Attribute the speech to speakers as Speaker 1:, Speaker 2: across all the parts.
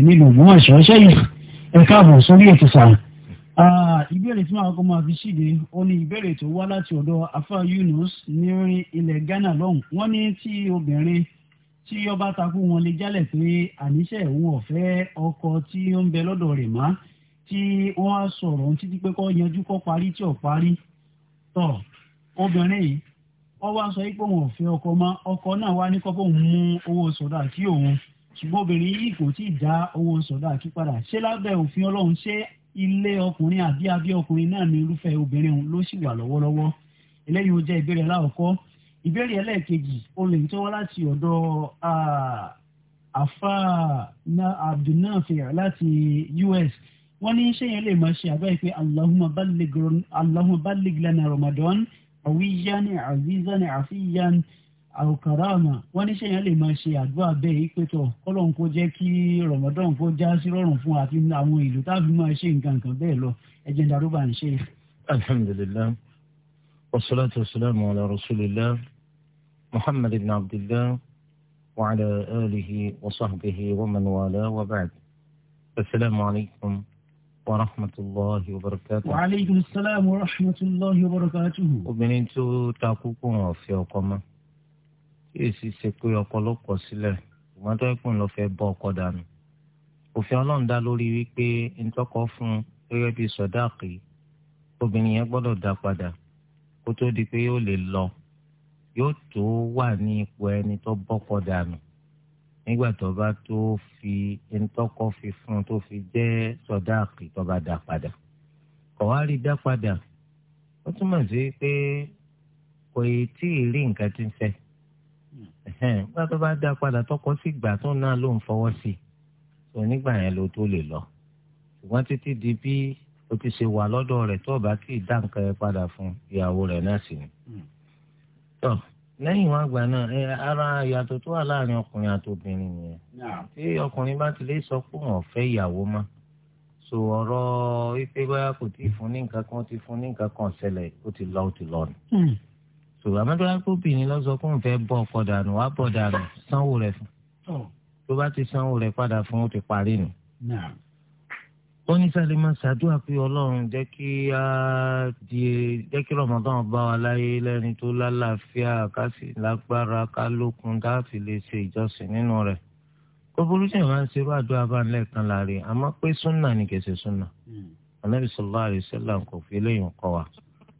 Speaker 1: èmi ló mú ọ̀ṣọ́ sẹ́yìn ẹ káàbọ̀ sórí ètò sàn. ìbéèrè tí màá kọ́ máa fi ṣíde ó ní ìbéèrè tó wá láti ọ̀dọ̀ afa Yunus ní ilẹ̀ Ghana lọ́hùn wọ́n ní tí obìnrin tí ọba takú wọn lè jálẹ̀ pé àníṣe òun ọ̀fẹ́ ọkọ tí ó ń bẹ lọ́dọ̀ rẹ̀ má tí wọ́n á sọ̀rọ̀ ohun títí pé kó yanjú kó parí tí ò parí tọ̀ obìnrin yìí wọ́n wá sọ pé òun ọ̀fẹ́ ọkọ mọ́ ọkọ náà wá ní kó bóun mú owó sọ̀dà sí òun ṣùgbọ́n obìnrin yìí kò tí ì dá owó sọ̀dá àkípadà ṣé lábẹ́ òfin ọlọ́run ṣé ilé ọkùnrin àbí abẹ́ ọkùnrin náà ní irúfẹ́ obìnrin ló sì wà lọ́wọ́lọ́wọ́ eléyìí ó jẹ́ ìbéèrè lákọ̀ọ́kọ́ ìbéèrè ẹlẹ́ẹ̀kejì olè tó wá láti ọ̀dọ̀ afa abdulnafi láti US wọ́n ní ṣé yẹn lè máa ṣe àbáyé pé Allahumma balligh lana Ramadan awiyan azizan afiyan àwòkàràmà wọn ní sẹyìn lè máa ṣe àdúrà bẹ́ẹ̀ ìpẹtọ kọlọhún kó jẹ́ kí rọmọdọhún kó já sí rọrùn fún àti àwọn ìlú táàbí máa ṣe nǹkan kan bẹ́ẹ̀ lọ ẹjẹ darúgbà ń ṣe.
Speaker 2: alhamdulilayi wasalaatu wasalaamu ala rasulillah muhammad ibn abdillah wa ala alihi wa sahbihi wa man wala wa ba'd asalaamu alaykum wa rahmatulahi wa barakatu. wa aleykum salaam wa rahmatulahi wa barakatu. obìnrin tó takú kó wọn fi ọkọ èsì ṣe pé ọkọ ló kọ̀ sílẹ̀ ṣùgbọ́n tó ẹ̀kún lọ fẹ́ bọ́ ọkọ dànù òfin ọlọ́run dá lórí wípé ntọ́kọ fún gẹ́gẹ́ bíi sọ̀dáàkì obìnrin yẹn gbọ́dọ̀ dá padà kó tó di pé yóò lè lọ yóò tó wà ní ipò ẹni tó bọ́kọ dànù nígbà tó bá tó fi ntọ́kọ fi fún tó fi jẹ́ sọ̀dáàkì tó bá dá padà kọ̀ dá padà ó túmọ̀ sí pé kò ì tí ì rí nǹkan tí ń fẹ́ nígbà tó bá dá padà tọkọ sí ìgbà tó náà ló ń fọwọ́ sí tó nígbà yẹn ló tó lè lọ ṣùgbọ́n títí di bí o ti ṣe wà lọ́dọ̀ rẹ̀ tó bá kì í dá nǹkan yẹn padà fún ìyàwó rẹ̀ náà sí ni. Hmm. tó lẹ́yìn wọn àgbà náà ẹ ara ìyàtọ̀ tó wà láàrin ọkùnrin àti obìnrin nìyẹn tí ọkùnrin bá ti lè sọ pé wọn ò fẹ́ ìyàwó mọ́ so ọ̀rọ̀ ipe báyà kò tí ì fún ní nǹkan kan ó ti fún ní nǹkan kan ṣẹlẹ̀ ó ti lọ ó ti lọ ni. Hmm so àmọ́tò akóbìnrin lọ sọ fún ìfẹ́ bọ́ ọkọ dànù wá bọ̀ dànù sanwó rẹ̀ fún tó bá ti sanwó rẹ̀ padà fún ó ti parí nù. ó ní sáré máa ṣàdúrà pé ọlọ́run jẹ́ kí á di jẹ́ kí rọ̀mọ́tàn bá wa láyé lẹ́ni tó lálàáfíà ká sì lágbára ká lókun ká sì lè ṣe ìjọsìn nínú rẹ̀ gbogbo tí wọn ṣe irú àdúrà bá nílẹ̀ kan àmọ́ pé súnà ni kèsè súnà hmm. Ànábì sallallahu alaihi wasallam kò fi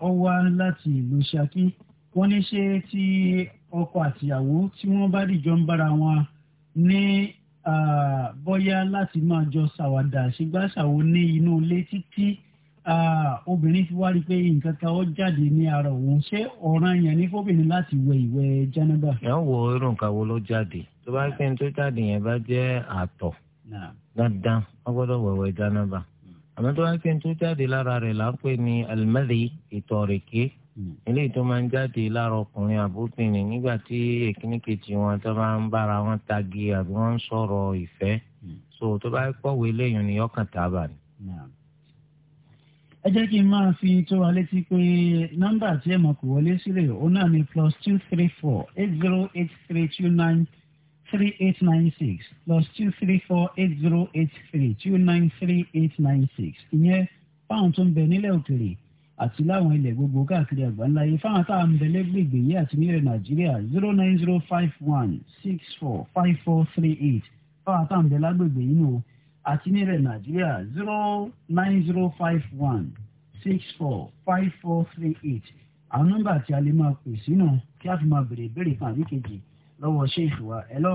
Speaker 1: ó wá láti ìlú Ṣakí wọ́n ní ṣé tí ọkọ àtìyàwó tí wọ́n bá dìjọ ń bára wọn ní bóyá láti máa jọ ṣàwàdà ṣègbàṣàwò ní inú ilé títí obìnrin fi wá rí i pé nǹkan kan ó jáde ní ara òun ṣé ọ̀ràn yẹn ní fóbìnrin láti wẹ ìwẹ̀ jẹ́nẹ́bà.
Speaker 2: ẹ ń wo irú nǹkan wo ló jáde tó bá pẹ́ ní tó jáde yẹn bá jẹ́ àtọ̀ dandan wọ́n gbọ́dọ̀ wẹ̀wẹ̀ jẹ́nẹ́bà àmọ́ tó wáá pé tó jáde lára rẹ̀ là ń pè ní alimẹ́lì ìtọ̀ rẹ̀ ké hmm. eléyìí tó máa ń jáde lára ọkùnrin àbóbìnrin nígbà tí èkíní kejì wọn tó bá ń bára wọn tagi àbí wọn ń sọ̀rọ̀ ìfẹ́ hmm. so tó bá kọ̀wé lẹ́yìn ni ọkàn tábà ni.
Speaker 1: ẹ jẹ́ kí n máa fi tó wa létí pé nọ́mbà tí ẹ̀ mọ̀ kò wọlé sílẹ̀ òun náà ni plus two three four eight zero eight three two nine three eight nine six plus two three four eight zero eight three two nine three eight nine six ìyẹn fáwọn tó ń bẹ nílẹ̀ òkèèrè àti láwọn ilẹ̀ gbogbo káàkiri àgbáńlá yìí fáwọn tá à ń bẹ lẹ́gbẹ̀gbẹ̀ yìí àti nílẹ̀ nàìjíríà zero nine zero five one six four five four three eight fáwọn tá à ń bẹ lágbègbè yìí nù àti nílẹ̀ nàìjíríà zero nine zero five one six four five four three eight àwọn nọ́mbà tí a lè máa pè sínú kí a fi máa bèrè ìbéèrè kan àbí kejì lọ́wọ́ ṣéèfù wa hello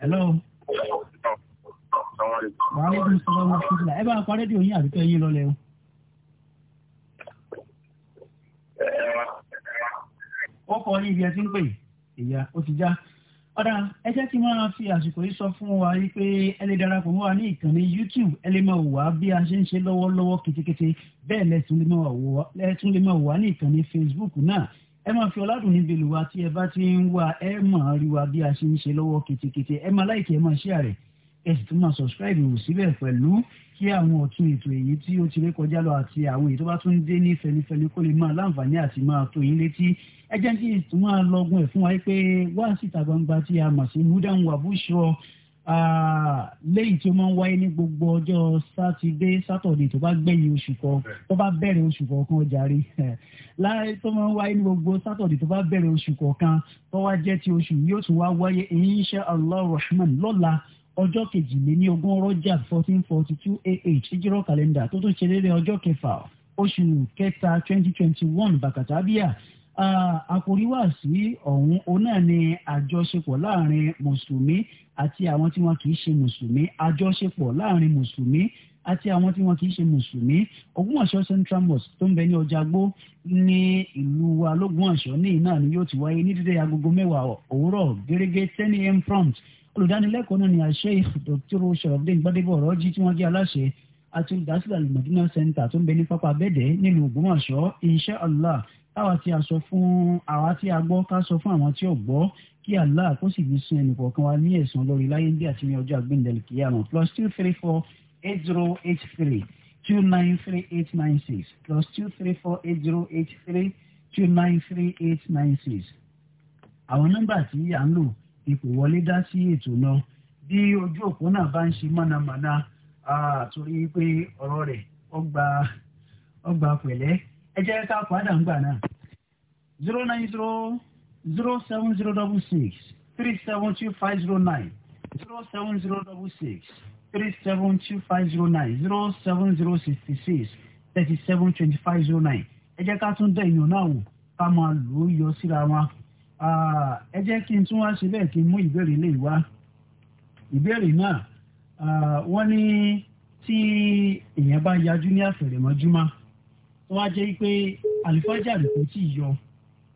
Speaker 1: hello. wàá lè dùn sọ́wọ́ wọn fún mi ẹ bá pa rédíò yín àbíkẹ́ yín lọ́lẹ̀ o. ó kọ ní ibi ẹ ti ń pè ìyá ó ti já ọ̀dà ẹ jẹ́ kí n máa fi àsìkò yìí sọ fún wa wípé ẹ lè darapọ̀ mọ́ wa ní ìkànnì YouTube ẹ lè máa wà bí a ṣe ń ṣe lọ́wọ́lọ́wọ́ ketekete bẹ́ẹ̀ lẹ́tún lè máa wà ní ìkànnì Facebook náà ẹ máa fi ọládùn níbi ìlú wa tí ẹ bá ti ń wá ẹ máa rí wa bí a ṣe ń ṣe lọ́wọ́ kètèkètè ẹ máa láìkí ẹ máa share rẹ̀ ẹ sì tún máa subscribe wò síbẹ̀ pẹ̀lú kí àwọn ọ̀tún ètò èyí tí ó ti ré kọjá lọ àti àwọn èyí tó bá tún dé ní fẹlifẹli kó lè máa láǹfààní àti máa tó yín létí ẹ jẹ́ kí ìtún máa lọ́gùn ẹ̀ fún wa pé wá síta gbangba tí a mọ̀ sí múdàn wàbúṣọ léyìí tí ó máa ń wáyé ní gbogbo ọjọ́ sátidé sátọ̀dé tó bá gbẹ̀yìn oṣù kan tó bá bẹ̀rẹ̀ oṣù kọ̀ọ̀kan ọjà rí láyé tó máa ń wáyé ní gbogbo sátọ̀dé tó bá bẹ̀rẹ̀ oṣù kọ̀ọ̀kan tó wá jẹ́ ti oṣù yóò tún wá wáyé insha Allah rahman lọ́la ọjọ́ kejìléníogún rọ́jà fourteen forty two AH ìjírọ̀ kàlẹ́ndà tó tún ṣe déédéé ọjọ́ kẹfà oṣù kẹta twenty twenty one bàkàtàbíà àkòrí wà sí ọ̀hún òun náà ni àjọṣepọ̀ láàrin mùsùlùmí àti àwọn tí wọn kì í ṣe mùsùlùmí àjọṣepọ̀ láàrin mùsùlùmí àti àwọn tí wọn kì í ṣe mùsùlùmí Ògbómọ̀ṣọ́ Central Mosque tó ń bẹ ní Ọjàgbó ní ìlú wa l'Ógbómọ̀ṣọ́ ní iná ni yóò ti wáyé ní dídé agogo mẹ́wàá òwúrọ̀ gẹ́gẹ́ ten a.m. prompt olùdánilẹ́kọ̀ọ́ náà ni àṣẹ Dr. Sharafdin Gbadebo Ọ̀rọ̀jì tí wọ́n jẹ́ aláṣẹ àti olùdásílẹ̀ Al-Madina Center tó ń bẹ ní pápá abẹ́dẹ́ nílùú Ògbómọ̀ṣọ́ insha Allah táwa tí a sọ fún àwa tí a gbọ́ ká sọ fún àwọn tí ò gbọ́ kí Allah kó sì fi sun ẹnì kọ̀ọ̀kan wa ní ẹ̀san lórí láyé bí àti ní ọjọ́ àgbéǹdẹ̀lì kìyàmù plus two three four eight zero eight three two nine three eight nine six plus two three four eight zero eight three two nine three eight nine six. àwọn nọ́mbà tí à ń lò ipò wọlé dá sí ètò náà bí ojú òpó náà bá ń ṣe mọ̀nàmọ́ná àtòrí pé ọ̀rọ̀ rẹ̀ ọgbà ọgbà pẹ̀lẹ́ ẹ jẹ́ ká padà ń gbà náà zero nine zero zero seven zero double six three seven two five zero nine zero seven zero double six three seven two five zero nine zero seven zero sixty six thirty seven twenty five zero nine ẹ jẹ́ ká tún dẹ̀ èèyàn náà wò ká máa lò ó yọ síra wọn ẹ jẹ́ kí n tún wá sílẹ̀ kí n mú ìbéèrè lè wá ìbéèrè náà wọ́n ní tí èèyàn bá yajú ní àfẹ̀rẹ̀mọ́júmọ́ wọ́n á jẹ́ pé àlùfájàrí kò tí ì yọ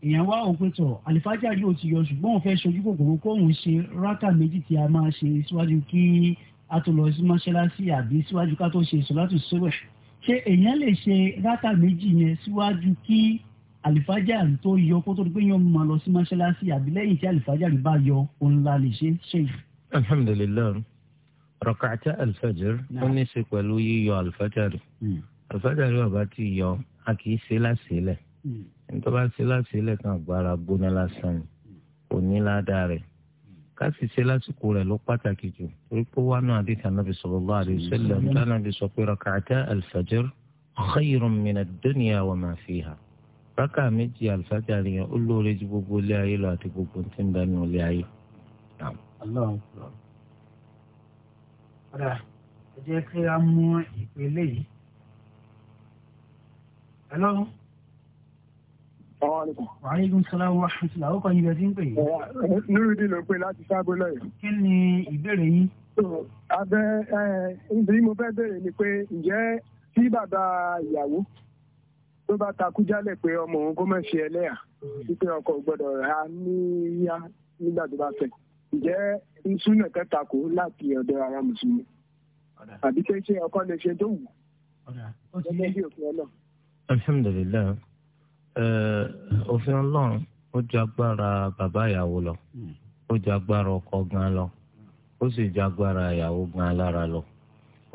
Speaker 1: èèyàn wá òpin tọ̀ àlùfájàrí ò ti yọ ṣùgbọ́n òun fẹ́ ṣojú kòkòrò kóun ṣe rákà méjì tí a máa ṣe síwájú kí a tó lọ sí mọ́ṣáláṣí àbí síwájú ká tó ṣe sọ́látù sọ́wẹ̀ ṣé èèyàn lè ṣe rákà méjì yẹn síwájú kí àlùfájàrí tó yọ kó tó di pé yẹn máa lọ sí mọ́ṣáláṣí àbí lẹ́yìn tí àlùfájàrí bá yọ òun la lè ṣe ṣe.
Speaker 2: alhamdulilayi rakata alfajr ó ní í ṣe pẹ̀lú yíyọ alfajr àlùfáàjà rí bàbá tí yọ a kì í ṣe láṣìílẹ̀ nítorí bá ṣe láṣìílẹ̀ kan gbára gbóná lásán ni kò ní ládàá rẹ̀ ká sì ṣe lásìkò rẹ̀ ló pàtàkì jù torí pé wọ́n náà àdìsí anábì sallallahu alaihi wasallam tánàbì sọ pé rak'ata al-fajr khayrun min ad-dunya wa ma rákà méjì àlùfáàjà rí ó lóore ju gbogbo ilé ayé lọ àti gbogbo tí ń bẹnu ilé ayé.
Speaker 3: ọ̀dà ẹ jẹ́ kí a mú ìpele yìí Hello. Wàhálẹ́gùn Sọláwọ́ Wàhálẹ́sọ̀lá, ó kọ́ ibi ẹtí ń pè yìí. Lórídìí ló pé láti sábó lọ́yọ̀. Kí ni ìbéèrè yín? Abẹ́ ibi mo fẹ́ béèrè ni pé ǹjẹ́ tí bàbá ìyàwó tó bá takú jálẹ̀ pé ọmọ mm-hmm. ọkọ gbọ́dọ̀ nígbà tó bá Ǹjẹ́ ara mùsùlùmí? Àbí ọkọ lè ṣe
Speaker 2: alhamdulilayi eh, òfin ọlọ́run ó ju agbára bàbá ìyàwó lọ hmm. ó ju agbára ọkọ gan lọ ó sì ju agbára ìyàwó gan lára lọ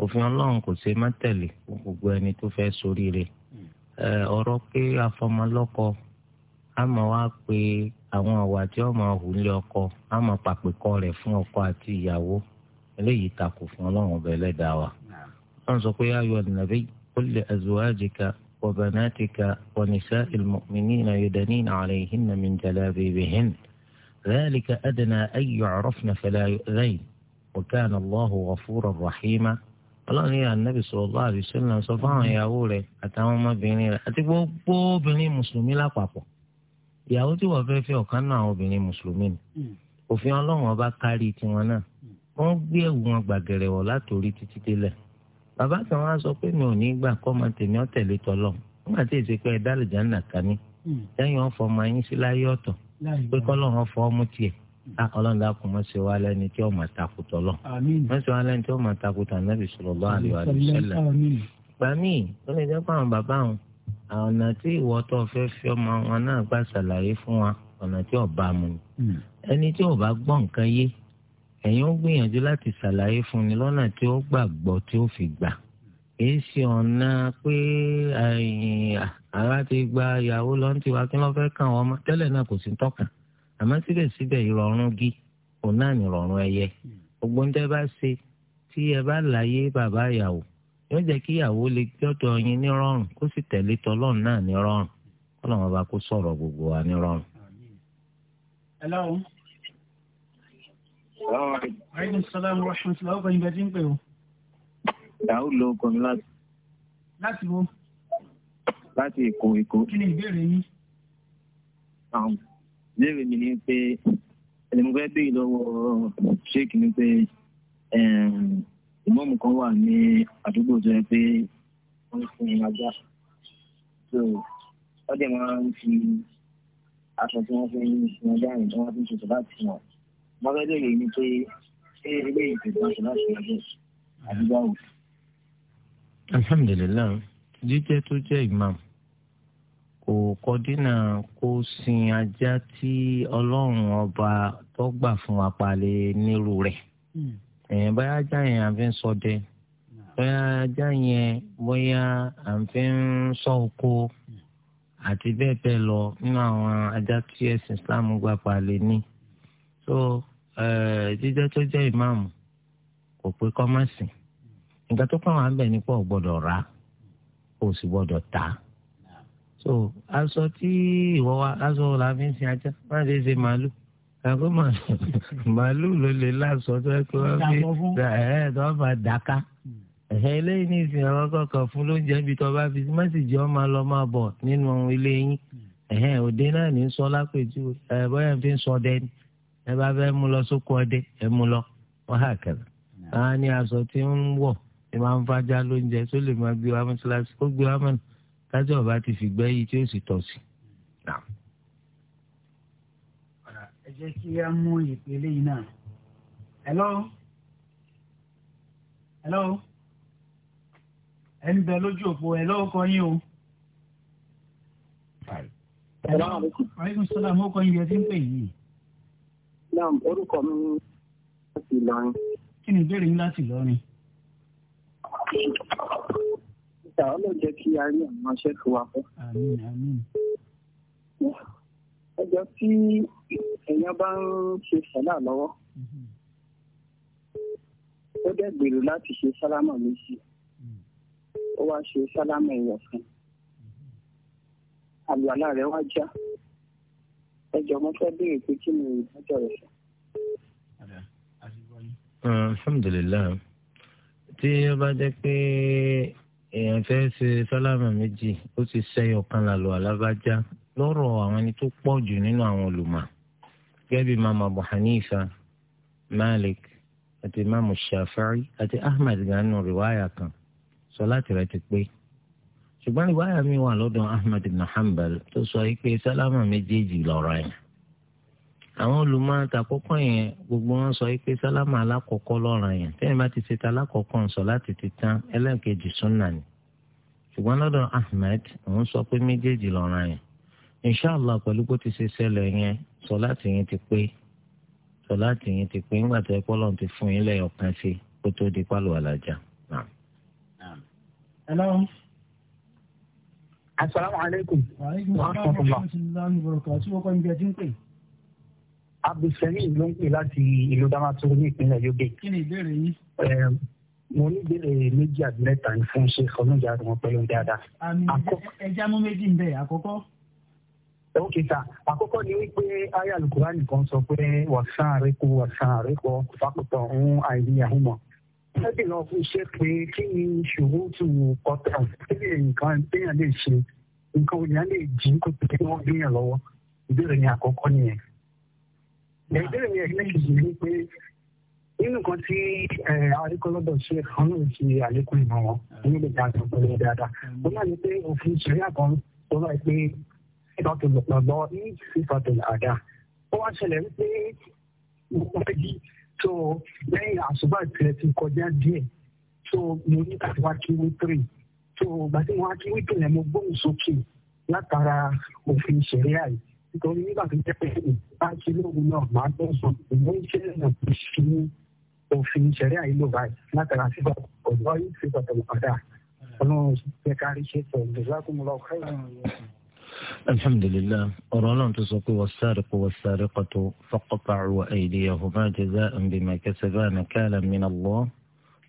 Speaker 2: òfin ọlọ́run kò ṣe má tẹ̀lé gbogbo ẹni tó fẹ́ ṣoríire hmm. eh, ọ̀rọ̀ pé afọmọlọ́kọ a máa wá pé àwọn àwa tí ọmọ òhùnlé ọkọ a máa pàpèkọ rẹ̀ fún ọkọ àti ìyàwó eléyìí takò fún ọlọ́run ọbẹ̀ ẹlẹ́dàá wa. wọ́n sọ pé ayọ̀ nàbí ó lè azwajika. وبناتك ونساء المؤمنين يدنين عليهن من جلابيبهن ذلك أدنى أن يعرفن فلا يؤذين وكان الله غفورا رحيما ọlọ́run yìí ànábì sallallahu alaihi wasallam sọ fáwọn ìyàwó rẹ̀ àtàwọn ọmọbìnrin rẹ̀ àti gbogbo obìnrin mùsùlùmí lápapọ̀ ìyàwó tí wọ́n fẹ́ẹ́ fẹ́ ọ̀kan náà àwọn obìnrin mùsùlùmí ni òfin ọlọ́run ọba kárí tiwọn náà wọ́n gbé ẹ̀wù wọn gbàgẹ̀rẹ̀ wọ̀ látòrí títí délẹ̀ bàbá kan wá sọ pé mi ò ní gbà kọ́ máa tèmi ọ́ tẹ̀lé tọ́lọ̀ nígbà tí èsì pé ẹ̀dá àlùjá nà ká ní hmm. lẹ́yìn ọ̀fọ̀ máa yín sí láyé ọ̀tọ̀ pé kọ́lọ́run ọ̀fọ̀ ọmú tiẹ̀ ah, ọlọ́run dákun mọ́ sí wa lẹ́ni tí ó máa takùtọ̀ lọ mọ́ sí wa lẹ́ni tí ó máa takùtọ̀ ànábì sallallahu alaihi wa sallam gbà míì ó lè jẹ́ pé àwọn bàbá àwọn ọ̀nà tí ìwọ tó fẹ́ fi ọmọ wọn náà gbà ṣàlàyé fún wa ọ̀nà tí hmm. ò bá gbọ́ nǹkan yé ẹ̀yin ó gbìyànjú láti ṣàlàyé fún ni lọ́nà tí ó gbàgbọ́ tí ó fi gbà èyí ṣe ọ̀nà pé ara ti gba ìyàwó lọ́n ti wá kí wọ́n fẹ́ kàn wọ́n mọ́ tẹ́lẹ̀ náà kò sí tọ́ka àmọ́ síbẹ̀síbẹ̀ ìrọ̀rùn gí òun náà ní ìrọ̀rùn ẹyẹ gbogbo ń tẹ́ bá ṣe tí ẹ bá láyé bàbá ìyàwó yóò jẹ́ kí ìyàwó lè gbọ́dọ̀ yín ní rọ̀rùn kó sì tẹ̀lé tọ́lọ́run náà ní rọ̀rùn kọ́lọ́run ọba kó sọ̀rọ̀ gbogbo wa ní rọ̀rùn.
Speaker 3: ẹ lọ́run
Speaker 1: aleykum salaam wa rahmatulah ọkọ ìgbà tí ń pè o.
Speaker 3: dàúd ló kọ mi láti. láti wo. láti èkó èkó. kí ni ìbéèrè yín. ìbéèrè mi ni pé ẹni mo fẹ́ béèrè lọ́wọ́ sheik ni pé ìmọ̀ọ́mù kan wà ní àdúgbò tó yẹ pé wọ́n sin ajá. so wọ́n dẹ̀ máa ń fi aṣọ tí wọ́n fi ń sin ajá yìí tí wọ́n fi ń ṣètò láti sìn wọ́n fẹ́ bẹ̀rẹ̀ ní pé ṣé ilé ìdìbò ìṣúná ṣe ọdún àdúgbò.
Speaker 2: alhamdulilayi jíjẹ tó jẹ imam kò kọdínà kó sin ajá tí ọlọ́run ọba tó gbà fún wa palẹ̀ nírú rẹ̀ hmm. ẹ̀yìn báyà ajá yẹn àfi ń ṣọdẹ bóyá ajá yẹn bóyá àfi ń ṣọ́ oko àti bẹ́ẹ̀ bẹ́ẹ̀ lọ nínú àwọn ajá tí ẹ̀sìn Islam gbà palẹ̀ ní. Eh, jíjẹ́ tó jẹ́ ìmáàmù kò pé kọ́ má sìn ìgbà tó kọ́ àwọn abẹ́ nípa ò rà ó sì gbọ́dọ̀ tà so aṣọ tí ìwọ wa aṣọ la fi ń sin ajá má ṣe ṣe màálù kàkó màálù ló lè láṣọ tó ẹ kó fi ẹ eh, tó wọn dàka hmm. ẹ̀hẹ́ eléyìí ìsìn àwọn kọ̀ọ̀kan fún lóúnjẹ níbi tó bá fi má sì jẹ́ ọ́ máa lọ máa bọ̀ nínú ilé yín hmm. òde náà ní sọ lápèjú ẹ̀ eh, bọ́yà fi ń sọ dẹ́ni ẹ bá fẹ́ mú lọ sóko ọdẹ ẹ mú lọ wọ́n hà kẹlẹ̀. àwọn ní aṣọ tí ń wọ̀ ẹ máa ń fájá lóúnjẹ tó lè máa gbé wa mọ́ṣáláṣí ó gbé wa mọ́nà tájọ́ ọba ti fìgbẹ́ yìí tí ó sì tọ̀ sí.
Speaker 1: ẹ jẹ́ kí a mú ìpele yìí náà. hello hello ẹ ń bẹ lójú òpó hello kọ yín o. Ẹ̀rọ àwọn ọ̀rẹ́kùn. Àyíkùn sọ́dà mọ́kàn yìí ẹ ti ń pè yìí.
Speaker 3: Islam orúkọ mi ní láti Ìlọrin. kí ni ìbéèrè yín láti Ìlọrin. ìta ọlọ́run kí a rí àwọn aṣẹ́ fún wa fẹ́.
Speaker 4: àmín àmín.
Speaker 3: ọjọ́ tí èèyàn bá ń ṣe sọ́lá lọ́wọ́ mhm. ó dẹ̀ gbèrò láti ṣe sálámà méjì ó wá ṣe sálámà ẹ̀yọ̀ fún àlùwàlá rẹ̀ wá já ẹjọ́ mo fẹ́ béèrè pé kí ni ìdájọ́ rẹ̀ sọ
Speaker 2: alhamdulilayi tí ó bá jẹ́ pé èèyàn fẹ́ ṣe sálámà méjì ó ti ṣẹyọ kan lálọ́ alábàjá lọ́rọ̀ àwọn ẹni tó pọ̀ jù nínú àwọn olùmọ̀ gẹ́gẹ́ bí mama abu hanifa malik àti imaamu shafi'i àti ahmed ganu riwaya kan sọláàtì rẹ̀ ti pé ṣùgbọ́n riwaya mi wà lọ́dọ̀ ahmed ibn tó sọ pé sálámà méjèèjì lọ́rọ̀ yẹn àwọn olùmọ̀ àtàkọ́kọ́ yẹn gbogbo wọn sọ pé sálámà alákọ̀ọ́kọ́ lọ́ràn yẹn tẹ́yìn bá ti ṣètò alákọ̀ọ́kọ́ ńsọ láti ti tán ẹlẹ́ẹ̀kejì súnà ni ṣùgbọ́n lọ́dọ̀ Ahmed òun sọ pé méjèèjì lọ́ràn yẹn inshàlá pẹ̀lú bó ti ṣe ṣẹlẹ̀ yẹn sọ láti yín ti pé sọ láti yín ti pé ńgbà tó ẹ pọ́ lọ́n ti fún yín lẹ́yọ̀ kan sí kó tó di pálọ̀ àlàjá.
Speaker 3: asalaamualeykum. wa rahmatulahi
Speaker 1: wa barakatuh abdulsalim ló ń pè láti ìlú damaturu ní
Speaker 3: ìpínlẹ̀ yobe. kí ni ìbéèrè yín. mo ní ìbéèrè méjì àti mẹ́ta ní fún ṣe ọlọ́jà àwọn pẹ̀lú dáadáa.
Speaker 1: àmì ẹja mú méjì ń bẹ àkọ́kọ́.
Speaker 3: ok sir àkọ́kọ́ ni wípé aya alukura nìkan sọ pé wàsán àrékò wàsán àrékò fàkùtọ̀ ń àìní àhùmọ̀. ẹbí náà fún ṣe pé kí ni ṣòro tù kọta kí ni nǹkan téèyàn lè ṣe nǹkan òyìnbó lè jí kó tẹ̀lé wọn gbéyàn ìbéèrè mi ẹ̀kẹ́kejì ni pé nínú nǹkan tí àríkọlọ́dọ̀ ṣe kan náà ti àlékún ìmọ̀ wọn ní ilé ìdájọ́ pẹ̀lú dáadáa ó náà ní pé òfin ìṣẹ̀rí àkọ́n tó bá pé ìtọ́tòlùpọ̀gbọ́ ní ìfàtòlù àdá ó wá ṣẹlẹ̀ wípé gbogbo méjì tó lẹ́yìn àṣùbà ìpìlẹ̀ ti kọjá díẹ̀ tó mo ní láti wá kí wítírì tó gbàtí wọn á kí wítírì yẹn mo gbóhùn sókè látara òfin ìṣẹ̀rí àyè الحمد
Speaker 2: لله رولان تسوق والسارق والسارقة فقطعوا أيديهما جزاء بما كسبا نكالا من الله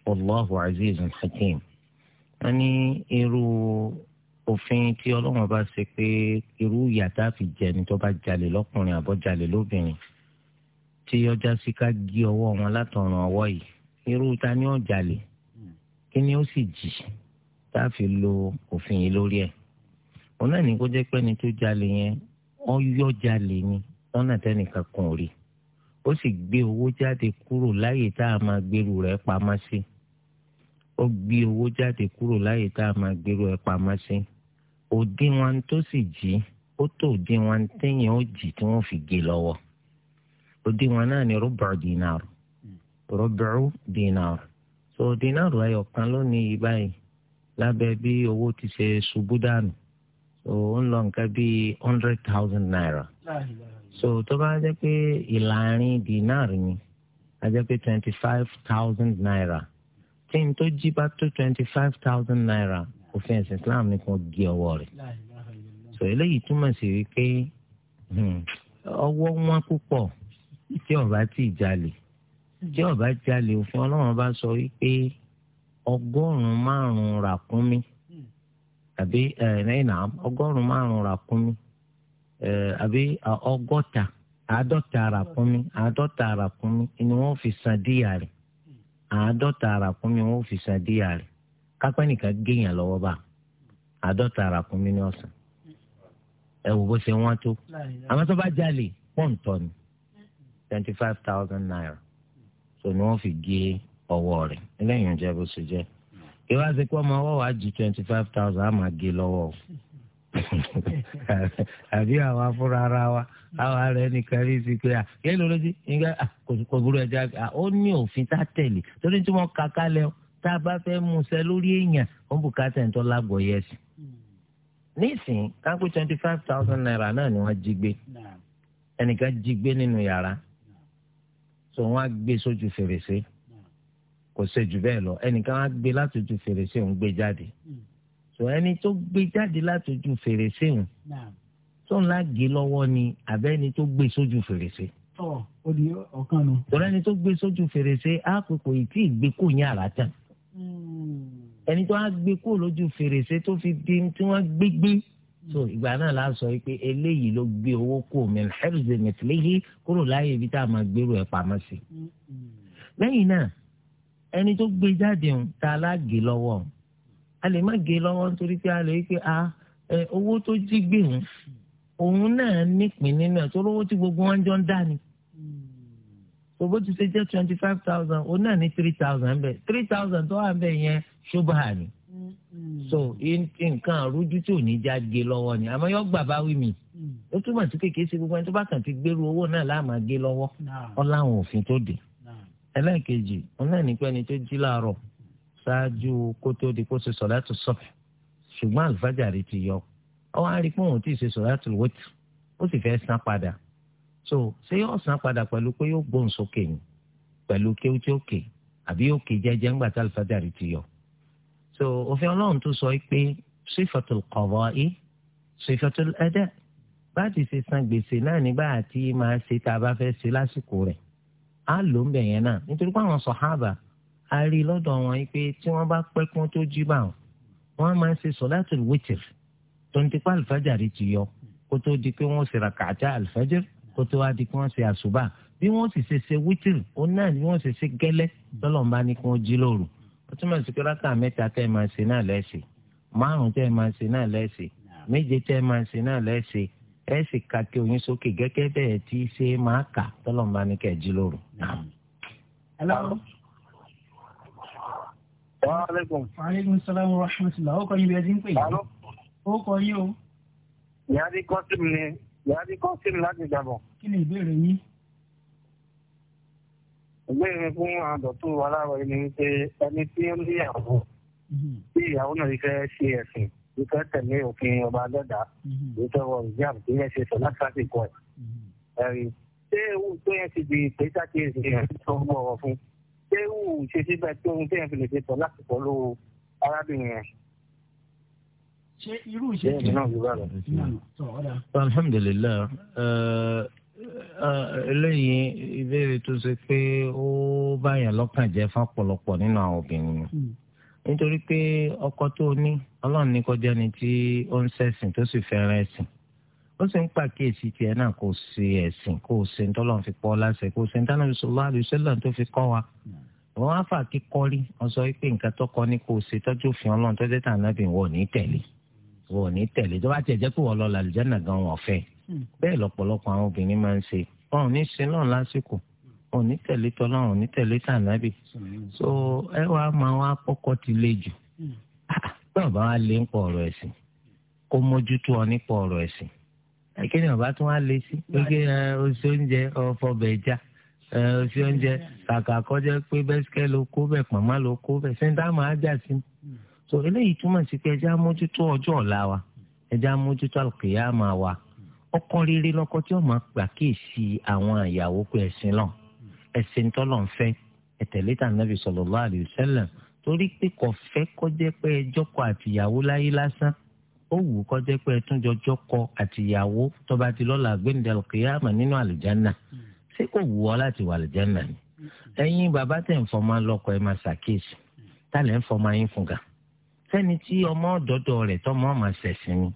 Speaker 2: والله عزيز حكيم أني إرو òfin tí ọlọ́run bá ṣe pé irú ìyà tá a fi jẹni tó bá jalè lọ́kùnrin àbọ̀jalè lóbìnrin tí ọjà sí ká gé ọwọ́ wọn látọ̀run ọwọ́ yìí irú ta ni ó jalè kí ni ó sì jì tá a fi lo òfin yìí lórí ẹ̀ òun náà ní kó jẹ́ pé ẹni tó jalè yẹn ó yọ jalè ni lọ́nà tẹ́nìkan kan ò rí ó sì gbé owó jáde kúrò láyè tá a máa gbèrú rẹ̀ pamọ́ sí. Si ó gbé owó jáde kúrò láyé tá a máa gbèrú ẹ̀ pamọ́ sí òdiwọ̀n tó sì jí ó tó òdiwọ̀n téèyàn ó jì tí wọ́n fi gé lọ́wọ́ òdiwọ̀n náà ni rúbà dínàrù rúbà dínàrù tó dínàrù ẹyọkan lónìí báyìí lábẹ́ bí owó ti ṣe ṣubú dànù so ó ń lọ nǹkan bíi hundred thousand naira so tó bá jẹ́ pé ìlàrin dínàrù ni a jẹ́ pé twenty five thousand naira. tí n tó jí bá tó twenty five thousand naira òfin ẹ̀sìn islam nìkan gé ọwọ́ rẹ̀ sọ eléyìí túmọ̀ sí wípé hmm, ọwọ́ wọn púpọ̀ tí ti jalè tí jalè òfin ọlọ́run bá sọ wípé ọgọ́rùn-ún márùn-ún àbí ẹ̀ẹ́nà ọgọ́rùn-ún márùn-ún àbí ọgọ́ta àádọ́ta àádọ́ta àádọ́ta àràkúnmí wọn ò fi san díà rẹ̀ kápẹ́ nìkan géèyàn lọ́wọ́ bá àádọ́ta àràkúnmí ní ọ̀sán ẹ wò bó ṣe wọ́n tó àwọn tó bá jalè pọ́ùn tọ́ ni twenty five thousand naira so ni wọ́n fi gé ọwọ́ rẹ̀ eléyìí ń jẹ́ bó ṣe jẹ́ kí pé ọmọ ọwọ́ wa ju twenty five thousand á máa gé lọ́wọ́ o. àbí àwọn afúnra ara wa àwọn ará ẹnìkan rí sí pé yẹn ló lójú nígbà kò burú ẹja ó ní òfin tá tẹ̀lé torí tí wọ́n ka kálẹ̀ tá a bá fẹ́ mú ṣẹ lórí èèyàn ó ń bùkátà ń tọ́ lágbọ̀ yẹ sí. nísìnyí kápẹ́ twenty five thousand naira náà ni wọ́n jí gbé ẹnìkan jí gbé nínú yàrá tó wọ́n á gbé sójú fèrèsé kò ṣe jù bẹ́ẹ̀ lọ ẹnìkan á gbé láti ojú fèrèsé òun gbé jáde tó ẹni tó gbé jáde látòjú fèrèsé hùn tó ńlá gé lọ́wọ́ ni àbẹ́ni tó gbé sójú fèrèsé. tọ́lá ẹni tó gbé sójú fèrèsé á pè kò ì tí ì gbé kò ní àrà tán hmm. ẹni tó á gbé kò lójú fèrèsé tó fi di tí wọ́n gbé gbé so hmm. ìgbà náà la sọ pé eléyìí ló gbé owó kò mí ẹrùzẹ mẹtìlẹyìí kúrò láàyè ibi tá a máa gbèrú ẹ pamọ́ sí. Hmm, lẹ́yìn náà ẹni tó gbé jáde ń ta aláàgé lọ́wọ́ a lè má gé lọ́wọ́ nítorí pé a lè rí pé a owó tó jí gbé òun òun náà nípìn nínú ẹ̀ tó lówó tí gbogbo wọn jọ ń dá ni owó ti ṣe jẹ́ twenty five thousand òun náà ní three thousand bẹ́ẹ̀ three thousand tó wà bẹ́ẹ̀ yẹn ṣubha ni so nǹkan àrújú tí ò ní já gé lọ́wọ́ ni àmọ́ yọ gbà bá wí mi ó túmọ̀ sí kékeré sí gbogbo ẹni tó bá kàn ti gbèrú owó náà láàmà gé lọ́wọ́ ọ láwọn òfin tó dé ẹlẹ́ẹ̀kejì òun náà ní pẹ́ni tó jí láàárọ̀ ṣáájú kótó di kó ṣe sọ̀látù sọ̀bì ṣùgbọ́n àlùfájàrí ti yọ ọ wá rí i pé òun ti ṣe sọ̀látù wọ́tì ó sì fẹ́ san padà so ṣé yóò san padà pẹ̀lú pé yóò gbóhùn sókè ni pẹ̀lú kéwú tí ó kè àbí yóò kè jẹ́jẹ́ ńgbà tí àlùfájàrí ti yọ so òfin ọlọ́run tó sọ pé sífàtul qada'i sífàtul ada bá ti ṣe san gbèsè náà nígbà tí máa ṣe tá a bá fẹ́ ṣe lásìkò rẹ̀ á lò ń bẹ̀yẹn náà nítorí pé àwọn sàhábà a rí lọ́dọ̀ wọn yìí pé tí wọ́n bá pẹ́ kí wọ́n tó jí bá wọn wọ́n máa ń ṣe sọ́látùl wítìr tó ń tipa àlùfájàrí ti yọ kó tó di pé wọ́n ṣèrà kàtà àlùfájàrí kó tó wá di pé wọ́n ṣe àṣùbà bí wọ́n sì ṣe ṣe wítìr òun náà ni wọ́n ṣe ṣe gẹ́lẹ́ lọ́lọ́mbá ní kí wọ́n jí lóru ó túmọ̀ sí pé rákà mẹ́ta tẹ́ máa ṣe náà lẹ́sìn márùn tẹ́ máa ṣe náà lẹ́sìn méje tẹ́ máa ṣe náà lẹ́sìn ẹ sì ka kí oyin sókè gẹ́gẹ́ bẹ́ẹ̀ tí ṣe máa kà tọ́lọ́mbá ní kẹ́ jí lóru.
Speaker 1: Wa alaikum. Wa alaikum salaam wa rahmatulah. Ó kọ
Speaker 3: yín bí ẹ ti ń pè yín. Alo. Ó kọ yín o. Yàrá Kọ́sìm ni Yàrá Kọ́sìm láti Gabon.
Speaker 1: Kí ni ìbéèrè yín?
Speaker 3: Ìbéèrè fún àdọ̀tú aláwọ̀ ẹni wípé ẹni tí ó ní ìyàwó mhm. tí ìyàwó náà fẹ́ ṣe ẹ̀sìn ìfẹ́ tẹ̀lé òfin ọba dẹ́dà ìtọ́wọ́ mhm. ìjáàbù tí yẹn ṣe sọ láti àsìkò mhm. ẹ̀ ṣé ò ṣe síbẹ̀ pé ohun téèyàn fi lè ṣe tọ̀ láti pọ̀ ló arábìnrin yẹn.
Speaker 1: ṣé irú ìṣe kí ni
Speaker 2: alhamdulilayi eléyìí ìbéèrè tó ṣe pé ó báyàn lọ́kàn jẹ́ fápọ̀lọpọ̀ nínú àwọn obìnrin hmm. nítorí pé ọkọ tó ní ọlọ́run ní kọjá ni tí ó ń ṣẹ̀sìn tó sì fẹ́ràn ẹ̀sìn ó sì ń pàkíyèsí tiẹ̀ náà kó ṣe ẹ̀sìn kó ṣe ń tọ́lọ́ fi pọ́ láṣẹ kó ṣe ń tánà bí sọlá àdùsọ́lá tó fi kọ́ wa wọn á fà kíkọ́rí wọn sọ pé nǹkan tọkọ ní kó ṣe tọ́jú òfin ọlọ́run tó dẹ́ta ànábì wọn ò ní tẹ̀lé wọn ò ní tẹ̀lé tó bá tiẹ̀ jẹ́ pé wọ́n lọ làlùjáná gan wọn fẹ́ bẹ́ẹ̀ lọ́pọ̀lọpọ̀ àwọn obìnrin máa ń ṣe wọn ò ní ṣe náà lásìkò wọn ò ní so ẹ wàá máa wá kọ́kọ́ ti le jù báwo ah, ah, bá wá lé ń pọ̀ kí ni ọba tún wá lé sí pé oṣù oúnjẹ ọfọbẹ já oṣù oúnjẹ kàkà kọjá pé bẹ́sikẹ́ ló kó bẹ̀ pàmò ló kó bẹ̀ sẹ́ńtà máa já sí i so eléyìí túmọ̀ sí pé ẹja mójútó ọjọ́ ọ̀la wa ẹja mójútó àlùkìyà máa wa ọkọ rere lọkọ tí ó máa pàkíyèsí àwọn ìyàwó pé ẹ̀sìn lọ ẹ̀sìn tọ́lọ̀ ń fẹ́ ẹ̀tẹ̀lé tà nàbì sallallahu alaihi wasallam torí pé kò fẹ́ kọjá pé ẹjọ́kọ àtìyàwó láyé lásán ó wù ú kọjá pé ẹtúnjọjọ kọ àtìyàwó tó ti lọ́la gbẹ̀ndẹ̀lù kìyàmà nínú àlùjáná ṣé kò wù ọ́ láti wà ni. ẹyin bàbá tẹ̀ ń fọmọ lọ́kọ ẹ̀ máa ṣàkíyèsí tálẹ̀ ń fọmọ ga. sẹ́ni tí ọmọ ọ̀dọ́dọ̀ rẹ̀ tọ́mọ ọmọ ṣẹ̀sìn ni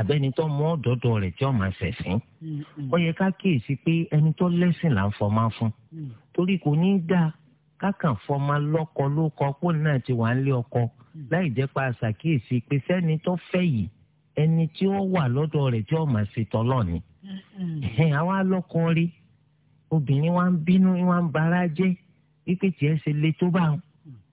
Speaker 2: àbẹ́ni ọ̀dọ́dọ̀ rẹ̀ tí ọmọ ṣẹ̀sìn.
Speaker 4: Mm-hmm.
Speaker 2: ó yẹ ká kíyèsí pé ẹni tó lẹ́sìn là ń fọmọ fún mm-hmm. fọmọ lọ́kọ ti wà ọkọ láì jẹ́ pa àṣàkíyèsí pé sẹ́ni tó fẹ́ yìí ẹni tí ó wà lọ́dọ̀ rẹ̀ tí ó máa ṣe tọ́lọ̀ ni. àwa lọ́kọ obìnrin wa ń bínú wa ń bara jẹ́ wípé tiẹ̀ ṣe le tó bá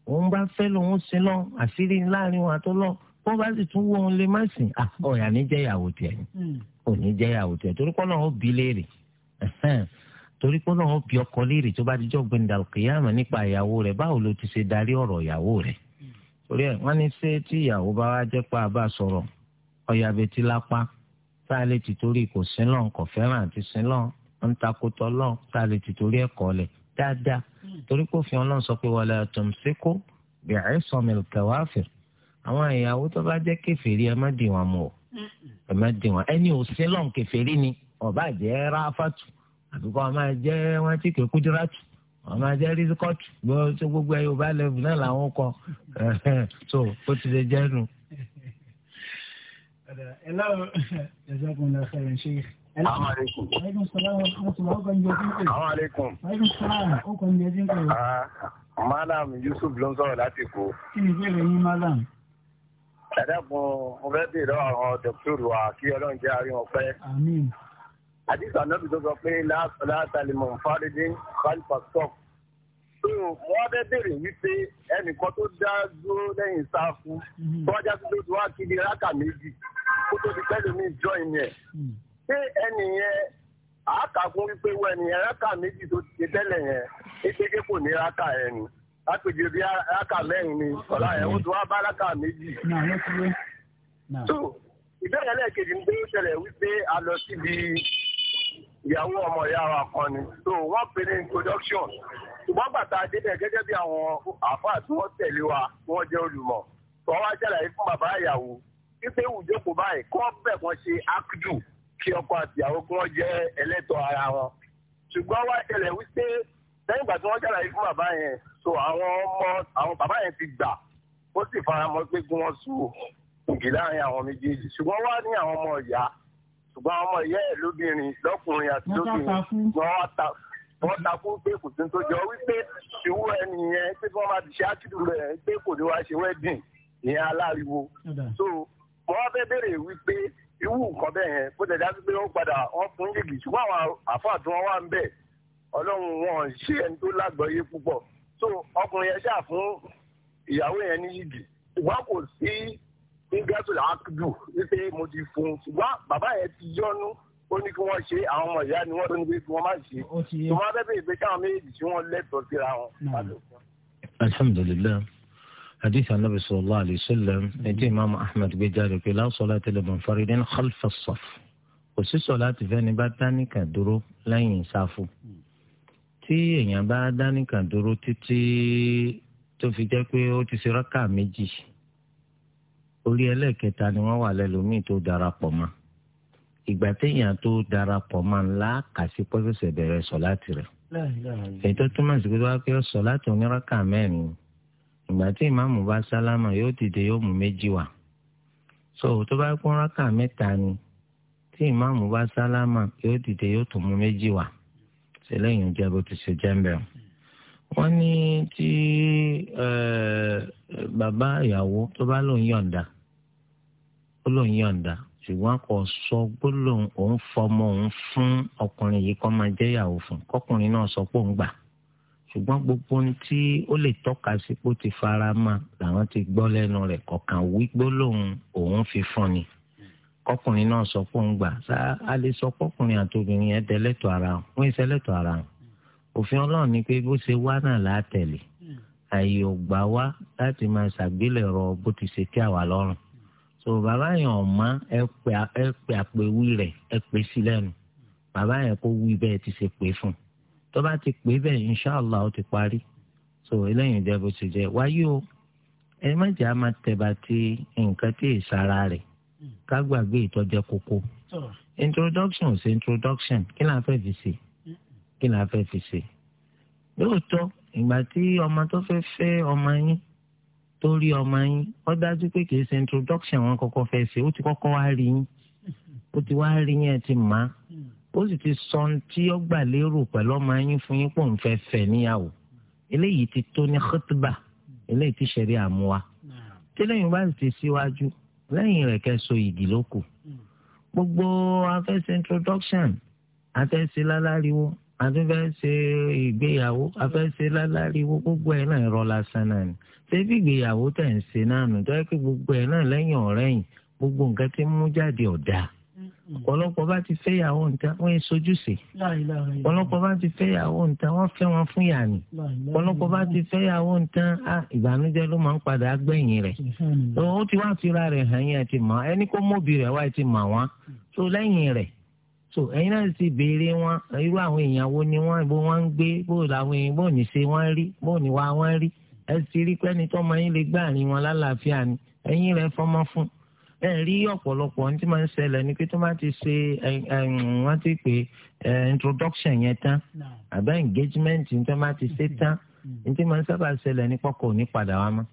Speaker 2: òun bá fẹ́ lòun sin lọ àṣírí láàrin wa tó lọ bó bá sì tún wọ òun lè má sìn ọ̀yà ní jẹ́yàwó tiẹ̀ mm. òní jẹ́yàwó tiẹ̀ torí kọ́ náà ó bi léèrè torí pé náà ó bi ọkọ léèrè tó bá dijọ́ gbẹ̀ndàlùkìyàmọ̀ nípa ìyàwó rẹ̀ báwo ló ti ṣe darí ọ̀rọ̀ ìyàwó rẹ̀ torí ẹ̀ wọ́n ní ṣé tí ìyàwó bá wá jẹ́ pé a bá sọ̀rọ̀ ọ̀yà àbètí lápá tá a lè ti torí kò sílọ̀n kò fẹ́ràn àti sílọ̀n ń takotọ̀ lọ́n tá a lè ti torí ẹ̀kọ́ lẹ̀ dáadáa hmm. torí kò fi ọlọ́run sọ pé wala tumsiku bi'isamil kawafir àwọn ìyàwó tó bá jẹ́ kèfèrí ẹ má dì wọ́n mú hmm. ẹ má dì wọ́n ẹni ò sílọ̀n kèfèrí ni ọ̀bá jẹ́ ráfàtù àbíkọ́ máa jẹ́ wọ́n ti kẹ́kúdúrátù wọn máa jẹ rizikọtù gbọ́dọ̀ gbogbo ẹyọ bá lẹ́bù náà làwọn kọ so ó ti lè jẹ́ nù.
Speaker 3: Madam Yusuf ló ń sọ̀rọ̀ láti Èkó. Kí ni ìbéèrè yín, Madam? Ẹ̀dẹ́gun, mo fẹ́ bèèrè àwọn dọ̀kítọ́rù wa kí Ọlọ́run jẹ́ àárín ọ̀pẹ́ àdìsọ ànábì tó sọ pé látàlímọ̀ fárídín kálífàtọ́f. tó wọ́n fẹ́ bèrè wípé ẹnìkan tó dá dúró lẹ́yìn sáfù tó tó ti wá kiri rákà méjì kó tó ti pẹ́lú mi jọ ìyẹn. ṣé ẹnì yẹn àákàkún wípé wọ ẹnì yẹn rákà méjì tó ti tẹ́lẹ̀ yẹn ékéké kò ní rákà yẹn lápèjì bí rákà mẹ́rin ni ọ̀la yẹn ó ti wá bá rákà méjì. tó ìbéèrè lẹ́ẹ̀kejì ń gbé ṣẹlẹ̀ wípé a lọ síbi ìyàwó ọmọ ìyá wa kan ni so wọ́n pè ní introduction ṣùgbọ́n bàtà adébẹ̀ gẹ́gẹ́ bí àwọn àfáà tí wọ́n tẹ̀lé wa wọ́n jẹ́ olùmọ̀ tó wá ṣàlàyé fún bàbá ìyàwó wípé ìjókòó báyìí kọ́ bẹ̀ wọ́n ṣe ákùdù kí ọkọ àti ìyàwó kí wọ́n jẹ́ ẹlẹ́tọ̀ ara wọn ṣùgbọ́n wá ṣẹlẹ̀ wípé lẹ́yìn ìgbà tí wọ́n ṣàlàyé fún bàbá yẹn so àwọn ọmọ àwọn bàbá yẹn ti gbà ó sì faramọ́ pé kí wọ́n sùn ògì láàrin àwọn méjèèjì ṣùgbọ́n wá ní àwọn ọmọ ìyá ṣùgbọ́n ọmọ ìyá ẹ̀ lóbìnrin lọ́kùnrin àti lóbìnrin wọ́n ta wọ́n ta fún pé kò sí tó jọ wípé ìwú ẹni yẹn pé kí wọ́n máa ti ṣe rẹ̀ pé kò ní wá ṣe wẹ́dìn ìyẹn aláriwo so wọ́n fẹ́ béèrè wípé irú nǹkan bẹ́ẹ̀ yẹn bó tẹ̀ dájú pé wọ́n padà wọ́n fún yìgì ṣùgbọ́n àwọn àfáà tí wọ́n wà ń bẹ̀ ọlọ́run wọn ṣe ẹni tó lágbọ́yé púpọ̀ so ọkùnrin yẹn ṣáà fún ìyàwó yẹn ní yìgì ṣùgbọ́n kò sí nígbàtò àkùdù wípé mo ti fún un ṣùgbọ́n bàbá yẹn ti yọnu ó ní kí wọ́n ṣe àwọn ọmọ ìyá ni wọ́n tó ní pé kí wọ́n má ṣe tó wọ́n bẹ́ẹ̀ bẹ́ẹ̀ káwọn méjèèjì tí wọ́n lẹ́tọ̀ọ́ síra wọn.
Speaker 2: alhamdulilayi hadith anabi sallallahu alayhi wa sallam ẹjẹ imaamu ahmed gbé jáde pé la salata liman faridin khalfa as-saff kò sí sọláàtì fẹ́ni bá dáníkà dúró lẹ́yìn sáfù tí èèyàn bá dáníkà dúró títí tó fi jẹ́ pé ó ti ṣe rákà méjì orí ẹlẹ́ẹ̀kẹta ni wọ́n wà lẹ́lòmíì tó darapọ̀ mọ́ ìgbà téèyàn tó darapọ̀ mọ́ ńlá kàṣí pọ́sẹ̀sẹ̀ bẹ̀rẹ̀ sọ̀láàtì rẹ̀ èyí tó túmọ̀ sí pé wá pé sọ̀láàtì onírọ́kà mẹ́rin ìgbà tí ìmáàmù bá sálámà yóò dìde yóò mú méjì wá so tó bá kún rákà mẹ́ta ni tí ìmáàmù bá sálámà yóò dìde yóò tún mú méjì wá ṣẹlẹ́yìn ìjẹ́bù ti ṣe jẹ́ ń bẹ̀rù wọ́n ní tí bàbá ìyàwó tó bá lòun yọ̀ǹda ó lòun yọ̀ǹda ṣùgbọ́n kò sọ gbólóhùn òun fọmọ òun fún ọkùnrin yìí kó máa jẹ́ ìyàwó fún kọkùnrin náà sọ pé òun gbà ṣùgbọ́n gbogbo ohun tí ó lè tọ́ka sí pé ó ti fara mọ́ làwọn ti gbọ́ lẹ́nu rẹ̀ kọ̀ọ̀kan wí gbólóhùn òun fi fún ni kọkùnrin náà sọ pé òun gbà ṣá a lè sọ pọkùnrin àtòbìnrin ẹ̀ dẹ́lẹ́tọ̀ ara wọn ìṣẹ́lẹ̀tọ̀ ara wọn òfin ọlọ́run ni pé bó ṣe wá náà là á tẹ̀lé àyè ò gbà wá láti máa ṣàgbélẹ̀rọ bó ti ṣe tẹ́ àwa lọ́rùn so bàbá yẹn ọ̀ma ẹ pè àpèwí rẹ̀ ẹ pè sí lẹ́nu bàbá yẹn kó wí bẹ́ẹ̀ ti ṣe pè fún un tó bá ti pè bẹ́ẹ̀ inṣàlá ó ti parí so eléyìí jẹ́ bó ṣe jẹ́ wáyé o ẹ má jẹ́ a máa tẹ̀bà ti nǹkan tí ìsara rẹ̀ ká gbàgbé ìtọ́jẹ́ kókó introduction sí introduction kí ni a fẹ́ fi ṣe kí ni a fẹ́ fi ṣe lóòótọ́ ìgbà tí ọmọ tó fẹ́ fẹ́ ọmọ yín tó rí ọmọ yín ó dájú pé kì í ṣe introduction wọn kọ́kọ́ fẹ́ ṣe ó ti kọ́kọ́ wá rí yín ó ti wá rí yín ẹ ti mà á ó sì ti sọ tí ó gbà lérò pẹ̀lú ọmọ yín fún yín pò ń fẹ́ fẹ́ níyàwó eléyìí ti tó ní khutba eléyìí ti ṣẹ̀rí àmúwa tẹ́lẹ̀yìn bá sì ti síwájú lẹ́yìn rẹ̀ kẹ́ so ìdí ló kù gbogbo afẹ́sẹ̀ introduction afẹ́sẹ̀ láláriwo a tún fẹ́ ṣe ìgbéyàwó a fẹ́ ṣe lálàríwó gbogbo ẹ̀ náà rọ lásán náà ni ṣé bí ìgbéyàwó tẹ̀ ń ṣe náà nù tó yẹ kí gbogbo ẹ̀ náà lẹ́yìn ọ̀rẹ́yìn gbogbo nǹkan tí ń mú jáde ọ̀dà ọ̀pọ̀lọpọ̀ bá ti fẹ́yàwó nta wọ́n ń sojúṣe ọ̀pọ̀lọpọ̀ bá ti fẹ́yàwó nta wọ́n fẹ́ wọn fún yàní ọ̀pọ̀lọpọ̀ bá ti fẹ́yàwó nta ìbànújẹ́ ló máa ń padà gbẹ̀yìn rẹ̀ ó ti wá fira rẹ̀ hàn yín ti mọ̀ ẹni kó móbi rẹ̀ wá ti mọ̀ wọ́n tó lẹ́yìn rẹ̀ so ẹ̀yin náà ti béèrè wọn irú àwọn èèyàn wo ni wọ́n bó wọ́n ń gbé bó làwọn èèyàn bó ní ṣe wọ́n rí bó ní wá wọ́n rí ẹ ti rí pẹ́ni tó máa ń lè gbà ní wọn lálàáfíà ni ẹ̀yin rẹ̀ fọmọ fún ẹ rí ọ̀pọ̀lọpọ̀ ní tí máa ń ṣẹlẹ̀ ni pé tó máa ti ṣe wọ́n ti pè introduction yẹn tán àbẹ́ engagement ní tó máa ti ṣe tán mm-hmm. ní tí máa ń sábà ṣẹlẹ̀ ní pọ́kọ̀ ní padà wá mọ́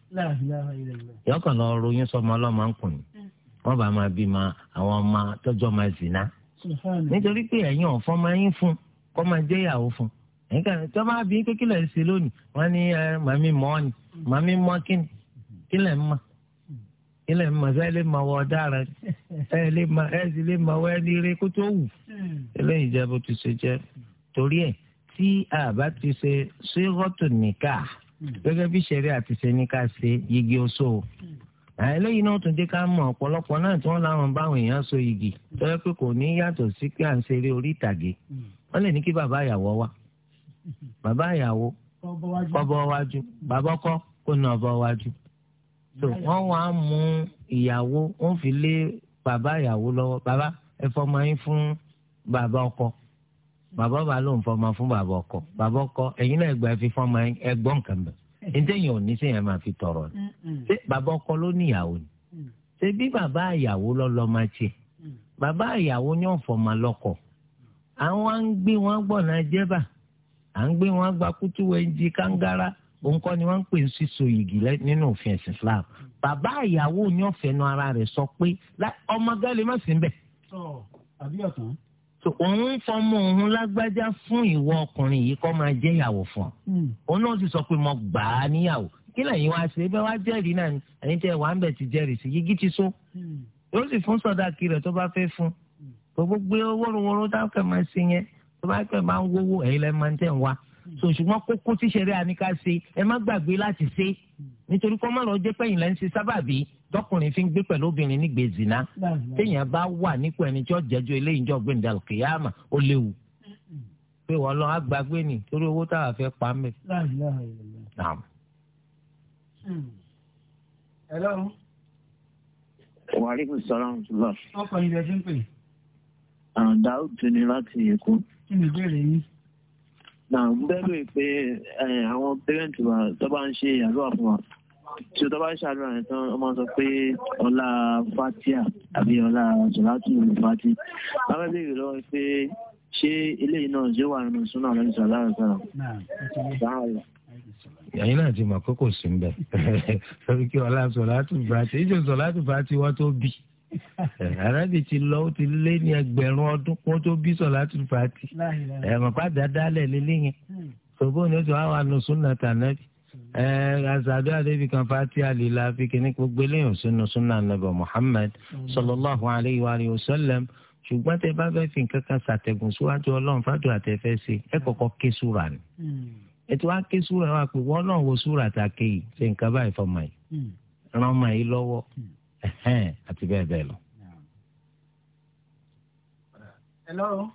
Speaker 2: yọkàn lọ ròyìn sọmọ ọlọ́mọ ń kùn ní mm. wọ́n bá máa bí ma àwọn ọmọ tọ́jọ́ máa zìnà nítorí pé ẹ̀yin ọ̀fọ́ máa ń fún kọ́ máa jẹ́ ìyàwó fún nǹkan tó máa bí pé kílẹ̀ ń ṣe lónìí wọ́n ní màmí mọ́ ni màmí mọ́ kíni kílẹ̀ ń mọ́ kílẹ̀ ń mọ́ sẹ́lẹ̀ máa wọ ọ̀daràn sẹ́lẹ̀ máa ẹ̀sìlẹ̀ máa wọ ẹni rẹ kó tó wù eléyìí jẹ́ bó ti ṣe jẹ́ torí ẹ̀ tí a bá ti ṣe ṣé rọ́tò nìkà gẹ́gẹ́ bí ṣẹ̀rí àti ṣe ní ká ṣe yigi oṣó eléyìí náà tún dé ká mọ ọ̀pọ̀lọpọ̀ náà tí wọ́n láwọn báwọn èèyàn so igi tó yẹ pé kò ní yàtọ̀ sí pé à ń ṣeré orí ìtàgé wọ́n lè ní kí bàbá ìyàwó wá bàbá ìyàwó kọ́ bọ́ wájú bàbá ọkọ kó nà bọ́ wájú. so wọ́n wá mú ìyàwó wọ́n fi lé bàbá ìyàwó lọ́wọ́ bàbá ẹ fọmọ yín fún bàbá ọkọ bàbá bá lóun fọmọ fún bàbá ọkọ bàbá ọkọ ẹ̀yin náà ẹgbẹ́ fi fọmọ yín ẹgbọ́n kan bẹ̀ ntẹ̀yìn òní sẹ́yìn máa fi tọrọ ni ṣé bàbá ọkọ ló níyàwó ni mm. ṣé bí bàbá àyàwó lọ́lọ́ máa ṣe mm. bàbá àyàwó ní ọ̀fọ̀ máa lọ́kọ̀ àwọn à ń gbé wọn gbọ̀nà jẹ́bà à ń gbé wọn gba kútú wẹ́ńjì kángárá òǹkọ́ ni wọ́n ń pè ń sísọ yìgì nínú òfin ẹ̀sìn Islam bàbá àyàwó ní ọ̀fẹ́ nu ara rẹ̀ sọ pé ọmọ gálẹ́ má sí ń bẹ̀. àbí ọ̀tún òun fọmọ òun lágbájá fún ìwọ ọkùnrin yìí kọ́ máa jẹ́ ìyàwó fún ọ hmm. òun náà sì sọ pé mo gbà á níyàwó kí lẹ́yìn wá ṣe bẹ́ẹ̀ wá jẹ́rìí náà ẹ̀yin tẹ́ wà ń bẹ̀ ti jẹ́rìí sí yigi ti so hmm. yóò sì fún sọ̀dáàkì rẹ̀ tó bá fẹ́ fún gbogbo gbé wórówóró dákẹ́ máa ṣe yẹn tó bá kẹ́ máa ń wówó ẹ̀yin lẹ́ máa ń tẹ̀ wá hmm. so ṣùgbọ́n kókó tíṣẹ̀rẹ́ àníkà ṣe ẹ má gbàgbé láti ṣe nítorí kó má lọ jẹ́ pé ìlẹ̀ ń ṣe sábàbí tọkùnrin fi ń gbé pẹ̀lú obìnrin nígbè zina téèyàn bá wà nípò ẹni tí ó jẹ́jọ́ eléyìí jọ gbé ndàlù kìyàmà ó léwu pé wọ́n lọ agbágbé ni torí owó táwa fẹ́ pa mẹ́.
Speaker 3: Hmm. Hello. wàhálà ìsọ̀rọ̀ àwọn tó lọ.
Speaker 1: ọkọ̀ ilẹ̀ ti ń pè.
Speaker 3: Ah, Dáúdù ni láti
Speaker 4: Èkó. kí ni ìbéèrè yín?
Speaker 3: náà ń bẹ́ẹ̀ pé eh, àwọn pẹ́rẹ́ǹtì wa tó bá ń ṣe àdúrà fún tí o tọ́ bá ń ṣàdúrà yẹn tán ọmọ sọ pé ọlá fatia àbí ọlá jọlátù fati bàbá béèrè lọ́wọ́ pé
Speaker 2: ṣé eléyìí náà ṣé wà nínú súnà lọ́dún sọ̀rọ̀ láàrín sọ̀rọ̀ ẹ̀yin náà ti mọ̀ pé kò sí nbẹ̀ lórí kí ọlá sọ̀látù fati ìjọ sọ̀látù fati wọ́n tó bì arábì ti lọ ó ti lé ní ẹgbẹ̀rún ọdún kó tó bí sọ̀látù fati ẹ̀mọ̀pá dáadáa lẹ̀ lélẹ́yìn ṣògbọ́n hmm. ni ó ti wá wà nù súnà tànẹ́bì azabi adébíkan fati alila fi kíní gbogbo eléyàn sínú súnà nàbẹ muhammed sallallahu alayhi wa alihi wa sallam ṣùgbọ́n tẹ bá fẹ́ fi nǹkan kan ṣàtẹ̀gùn síwájú ọlọ́run fàdúrà tẹ fẹ́ ṣe ẹ kọ́kọ́ ké súra ni ètò hmm. wa ké súra wa pé wọ́n náà wo súra ta ké yìí ṣe nǹkan báyìí fọmọ yìí hmm. ran ọmọ yìí lọ́wọ́ hmm. àti bẹ́ẹ̀ bẹ́ẹ̀ lọ.
Speaker 1: hello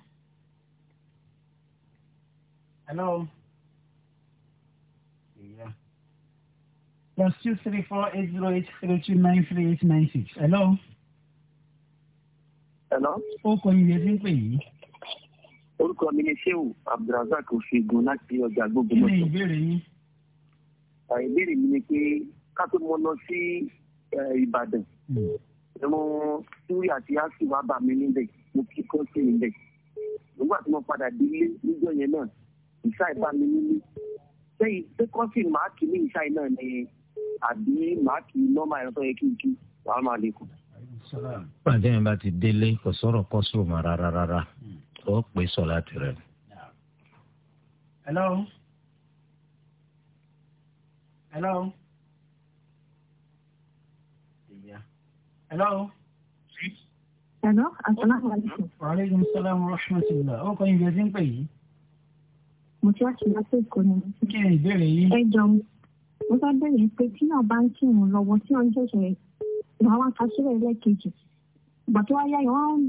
Speaker 1: hello. plus two three four eight zero eight three two nine three eight nine six.
Speaker 3: hello. hello. ó kọ iye tí ń pè yìí. orúkọ mi ni sheu abdulrasaq oṣogun láti ọjà gbogbo mọ́tò. kí ni ìbéèrè yín. ìbéèrè mi ni pé ká tó mọ lọ sí ìbàdàn ẹ̀rọ hmm. sórí àti asu wa bà mí níbẹ̀ mo kí kọ́ sí níbẹ̀ nígbà tí mo padà délé níjọ́ yẹn náà ìṣá ìbá mi nílé sẹ́yìn pé kọ́sìn máa kì ní ìṣá yìí náà ni àbí màá kì í nọ́mà ẹ̀rọ tó yẹ kí n kí wàá máa lè kù.
Speaker 2: pàdé yẹn bá ti délé kò sọ̀rọ̀ kọ́ sùn mọ́ rárá rárá pè sọ láti rẹ̀.
Speaker 1: hello hello hello.
Speaker 3: hello asalaamualeykum.
Speaker 1: waaleykum salaam wa rahmatulah ọkọ ìgbésí ń pè yìí.
Speaker 3: mo ti wá sí ìgbésí ìkọ́ni. kí ni ìbéèrè yìí. ẹ jọ̀ọ́ mo fẹ́ bẹ̀rẹ̀ pé tí náà bá ń kírun lọ́wọ́ tí wọ́n ń ṣẹ̀ṣẹ̀ ìwà wa ka sílẹ̀ lẹ́ẹ̀kejì ìgbà tó wáyá yẹn wọ́n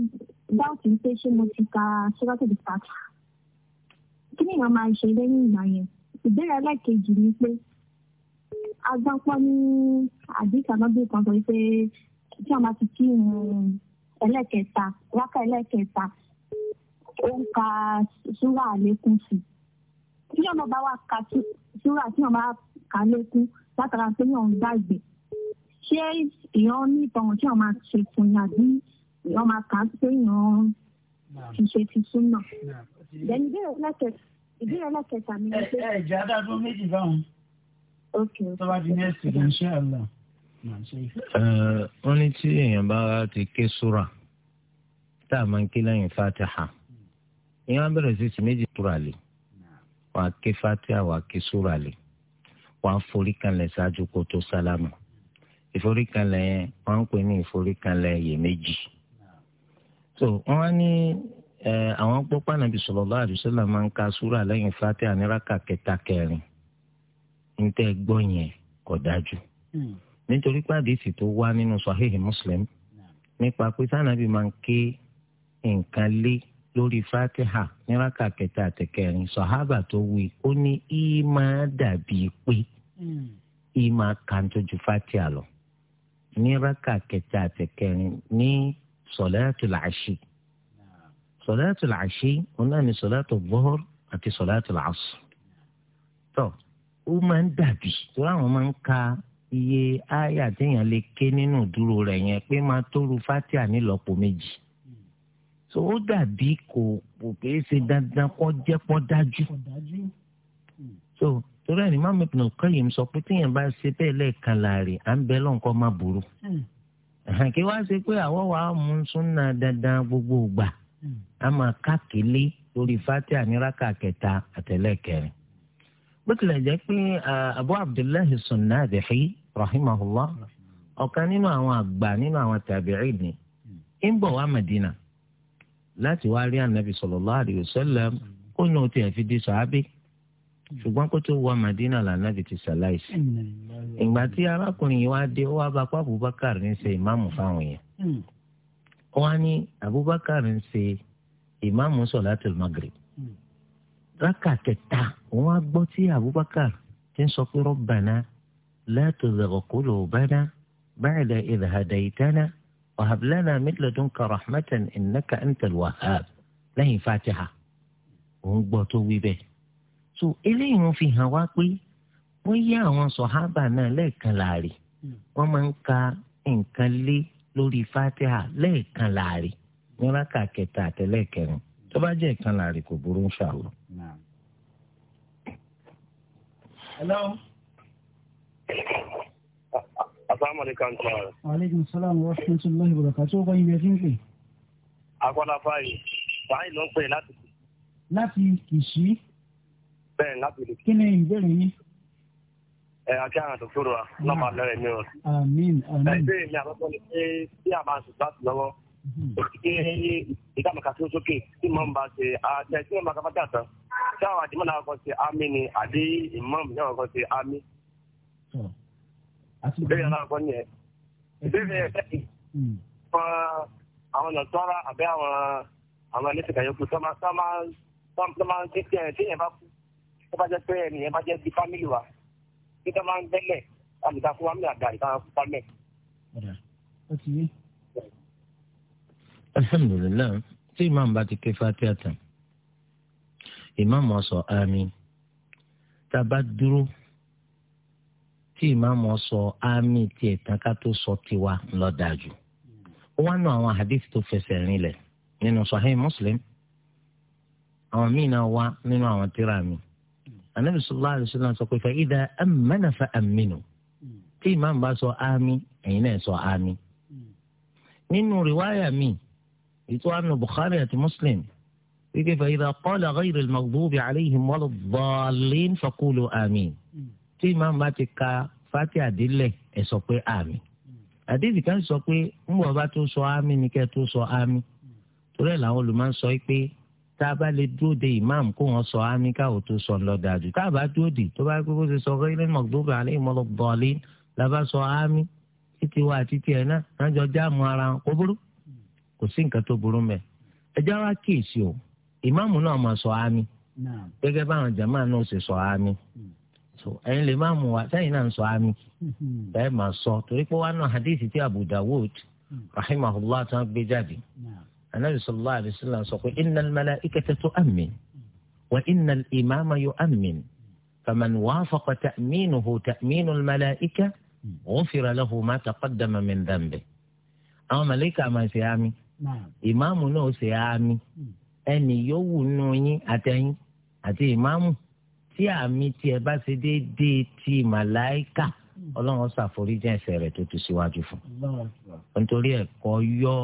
Speaker 3: dáùtì pé ṣé mo ti ka sọ́dọ̀tì di pàtà kí ni ìyá máa ṣe lẹ́yìn ìgbà yẹn ìbéèrè lẹ́ẹ̀kejì ni pé agbápọ́ ní àdìsá lọ́dún kan sọ pé tí a máa ti kírun ẹlẹ́kẹta wákà ẹlẹ́kẹta ó ń ka súrà àlékún sí tí ọmọ bá wà ka súrà tí ọmọ bá ká lékún látara pé yàn ń gbàgbé ṣé èèyàn ní ìtàn tí wọn máa ṣe fún yàn bí èèyàn máa kà á pé yàn ti ṣe ti sún náà. ìbéèrè lẹ́kẹ̀ẹ́ta mi ni pé. ẹ
Speaker 1: ẹ jẹ́ adájọ́ méjì báwọn. tó bá di nẹ́ẹ̀sì kan ṣé àlọ́.
Speaker 2: wọ́n ní tí èèyàn bá ti ké súra tá a máa ń ké lẹ́yìn fatiha èèyàn bẹ̀rẹ̀ sí ti méjì túra lè wàá ké fatiha wàá ké súra lè wà á forí kanlẹ̀ ṣáájú kó tó sálámù ni yẹn wọ́n ń pè ní ìforíkanlẹ̀ so wọ́n á ní àwọn pọ́pá nàbì sallallahu alaihi wasallam máa ń ka súrà lẹ́yìn fatiha níraka kẹta kẹrin níta gbọ́ yẹn kò dájú. Hmm. nítorí pàdésì tó wá nínú sahihi muslim nípa pé sànàbì máa ń ké nǹkan lé lórí fatiha níraka kẹta àtẹkẹrin sọ̀hábà tó wí ó ní í máa dàbí pé ìmọ̀ kàńtójú fatia lọ ní rákà kẹta àti kẹrin ní sọ̀láàtù làṣì sọ̀láàtù làṣì òun náà ní sọ̀láàtù bọ́ọ̀r àti sọ̀láàtù làṣù tọ́ ó máa ń dàbí tó àwọn máa ń ka iye àyà téèyàn lè ké nínú dúró rẹ̀ yẹn pé máa tóru fatia nílọ́po méjì tó dàbí kò kò kìí ṣe dandan kọ́ jẹ́ pọ́ dájú so torí ẹni má mẹ́tò náà kọ́ yìí sọ pé téèyàn bá ṣe bẹ́ẹ̀ lẹ́ẹ̀kan láàrin à ń bẹ lọ́nkọ́ má burú hmm. kí wá ṣe pé àwọ̀ wa mú súnà dandan gbogbo ìgbà hmm. a máa káàkiri lórí fatia níraka kẹta àtẹlẹ́kẹrin bó tilẹ̀ jẹ́ pé abu abdullahi sunnadihi rahimahullah ọ̀kan nínú àwọn àgbà nínú àwọn tabi'in ni ń bọ̀ wá Madina láti wá rí anabi sallallahu alaihi wasallam kó ní o tiẹ̀ fi di sàábì ṣùgbọ́n kó tó wọ Madina lànàbì ti ṣàláìsí. ìgbà tí arákùnrin yìí wá dé ó wá bá pa Abubakar ń ṣe ìmáàmù fáwọn yẹn. Hmm. ó wá ní Abubakar ń ṣe ìmáàmù sọ̀látìl Maghrib. Hmm. rákà kẹta òun á gbọ́ tí Abubakar ti ń sọ pé Rabbana la tuzigh qulubana ba'da idh hadaytana wa hab lana min ladunka rahmatan innaka antal wahhab lẹ́yìn Fatiha. òun gbọ́ tó wí bẹ́ẹ̀ so eléyìí wọn fi hàn wá pé wọ́n yí àwọn sọ̀hábà náà lẹ́ẹ̀kan láàrin hmm. wọ́n máa ń ka nǹkan lé lórí fatiha lẹ́ẹ̀kan láàrin ní rákà kẹta àtẹlẹ́kẹrin tó bá jẹ́ ìkan láàrin kò burú ń ṣàlọ́.
Speaker 4: hello.
Speaker 3: asalaamualeykum salaam.
Speaker 1: aleykum salaam wa rahmatulahi wa barakatuh ọkọ ibi ẹtí ń pè.
Speaker 3: akọ́lá fáyì ló ń pè láti.
Speaker 1: láti kìsì bẹ́ẹ̀ láti lè. kí ni ìbéèrè yín.
Speaker 3: ẹ àti àwọn dókítà wa náà máa lọ́rẹ̀ mi rọ̀.
Speaker 1: àmín àmín. ẹ bẹ́ẹ̀
Speaker 3: ni àkọ́kọ́ ni pé tí a máa sùn láti lọ́wọ́ mhm. òtítí ìdáàmú kan tó sókè tí mọ̀ ń bá ṣe àtẹ tí wọ́n máa dàtàn tí àwọn àdìmọ́ náà kọ́ ṣe àmì ni àdé ìmọ̀mù náà kọ́ ṣe àmì. ìbéèrè náà kọ́ nìyẹn ìbéèrè ẹ̀ hmm. àwọn nàìjọ́ra àbẹ́ àwọn àwọn ẹlẹ́sìn kàyọ́kù tó máa tó máa tó tí ẹ̀ tí ẹ̀ bá kú tó bá jẹ́ pé ẹnì yẹn bá jẹ́ ti fámìlì wa tí ká máa ń gbẹ́lẹ̀ àmìta fún wàmí àgbà ìta pálẹ̀.
Speaker 2: alhamdulilayi tí imaamu bá ti ké fatia tán imaamu ọsọ àmín tá a bá dúró tí ìmáàmù sọ ámì tiẹ̀ tán ká tó sọ tiwa lọ́dà jù. ó àwọn hadith tó fẹsẹ̀ rinlẹ̀ nínú sahih muslim àwọn míì náà wá nínú àwọn tíra mi anabi sallallahu alayhi wa sallam sọ pé fa idha amana fa aminu tí ìmáàmù bá sọ àmì ẹ̀yin náà sọ àmì. nínú rìwáyà mi ètò àánú bukhari àti muslim wípé fa idha qala ghayra al-maghdubi alayhim wala ad-dallin faqulu àmì tí ìmáàmù bá ti ka fati àdílẹ̀ ẹ̀ sọ pé àmì. àdéhìí kan sọ pé ń bọ̀ bá tó sọ àmì ni kẹ́ tó sọ àmì. torí ẹ̀ làwọn olùmọ̀ sọ pé tá a bá lè dúró de imam kó wọn sọ àmì káwọ tó sọ lọ dájú tá a bá dúró de tó bá gbogbo ṣe sọ fún ilé mọ̀gbọ́n àlẹ́ ìmọ̀lọ́ bọ̀ọ̀lì làbá sọ àmì títí wa àti tiẹ̀ náà lájọ jáàmù ara wọn kó burú kò sí nǹkan tó burú mẹ́ ẹjọ́ wa kíyèsí o ìmáàmù náà máa sọ àmì gẹ́gẹ́ báwọn jàmáà náà ṣe sọ àmì ẹ̀yin lè má mú wa sẹ́yìn náà sọ àmì bẹ́ẹ̀ hmm. máa sọ torí pé wọn náà hadith ti Abu Dawud hmm. rahimahullah tán gbé jáde anabi sallallahu alayhi wa sallam sọ pé innal malaikata tu'min wa innal imama yu'min faman wafaqa ta'minuhu ta'minul malaika ghufira lahu ma taqaddama min dhanbi. àwọn màláíkà máa ṣe àmì ìmáàmù náà ṣe àmì ẹnì yòówù nù yín àtẹ̀yìn àti ìmáàmù tí àmì tiẹ̀ bá ṣe déédéé ti màláíkà ọlọ́run ṣàforíjì ẹ̀ṣẹ̀ rẹ̀ tó ti síwájú fún un. nítorí ẹ̀kọ́ yọ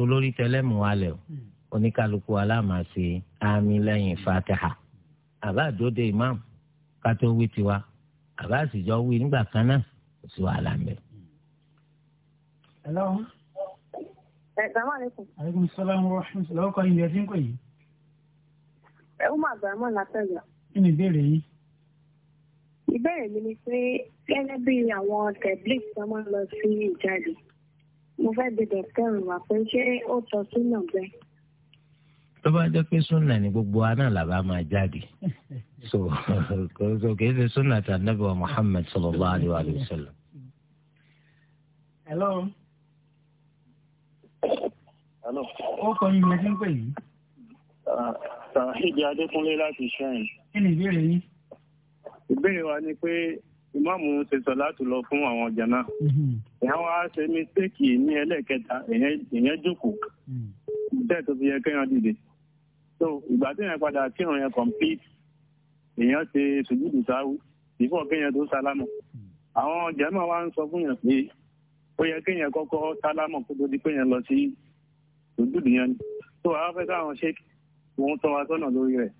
Speaker 2: olórí tẹlẹmù wa lẹ o hmm. oníkálukú aláàmásí àmì lẹ́yìn fatiha àbá àdóde imam kátó wí tiwa àbá àsìjọ wí nígbà kan náà kò sí wàhálà ń bẹ.
Speaker 1: hello. assalamu eh, alaikum. aleykum salaam wa rahmatulah ọkọ ìyẹn ti ń pè yín.
Speaker 3: ẹ ó máa gbàmọ́ látẹ̀gbà.
Speaker 1: kí ni ìbéèrè yìí.
Speaker 3: ìbéèrè mi ni pé gẹ́gẹ́ bí àwọn tẹ̀blíìsì tó máa ń lọ sí ìjáde mo fẹ́ bi dọ̀kítẹ́rù wá pé ṣé ó sọ súnà bẹ́ẹ̀.
Speaker 2: tó bá jẹ́ pé súnà ni gbogbo wa náà làbá máa jáde so kò kì í ṣe súnà tà nàbẹ̀ wa Muhammad sallallahu alayhi wa sallam.
Speaker 3: hello. hello. ó kọ́ ní ilé tí ń pè yìí. sàhídì ah, adékúnlé láti ṣẹ́yìn.
Speaker 1: kí ni ìbéèrè yín.
Speaker 3: ìbéèrè wa ni pé ìmáàmù ṣe sọ láti lọ fún àwọn jàmá mhm. èèyàn wá ṣe mistake ní ẹlẹ́ẹ̀kẹta èèyàn jókòó mhm. bẹ́ẹ̀ tó fi yẹ kéèyàn dìde so ìgbà tí èèyàn padà kírun yẹn complete èèyàn ṣe sùjúdù sáwù before kéèyàn tó sálámù mhm. àwọn jàmá wa ń sọ fún yàn pé ó yẹ kéèyàn kọ́kọ́ sálámù kó tó di kéèyàn lọ sí sùjúdù yẹn so àwọn fẹ́ káwọn ṣe òun tọ́ wa sọ́nà lórí rẹ̀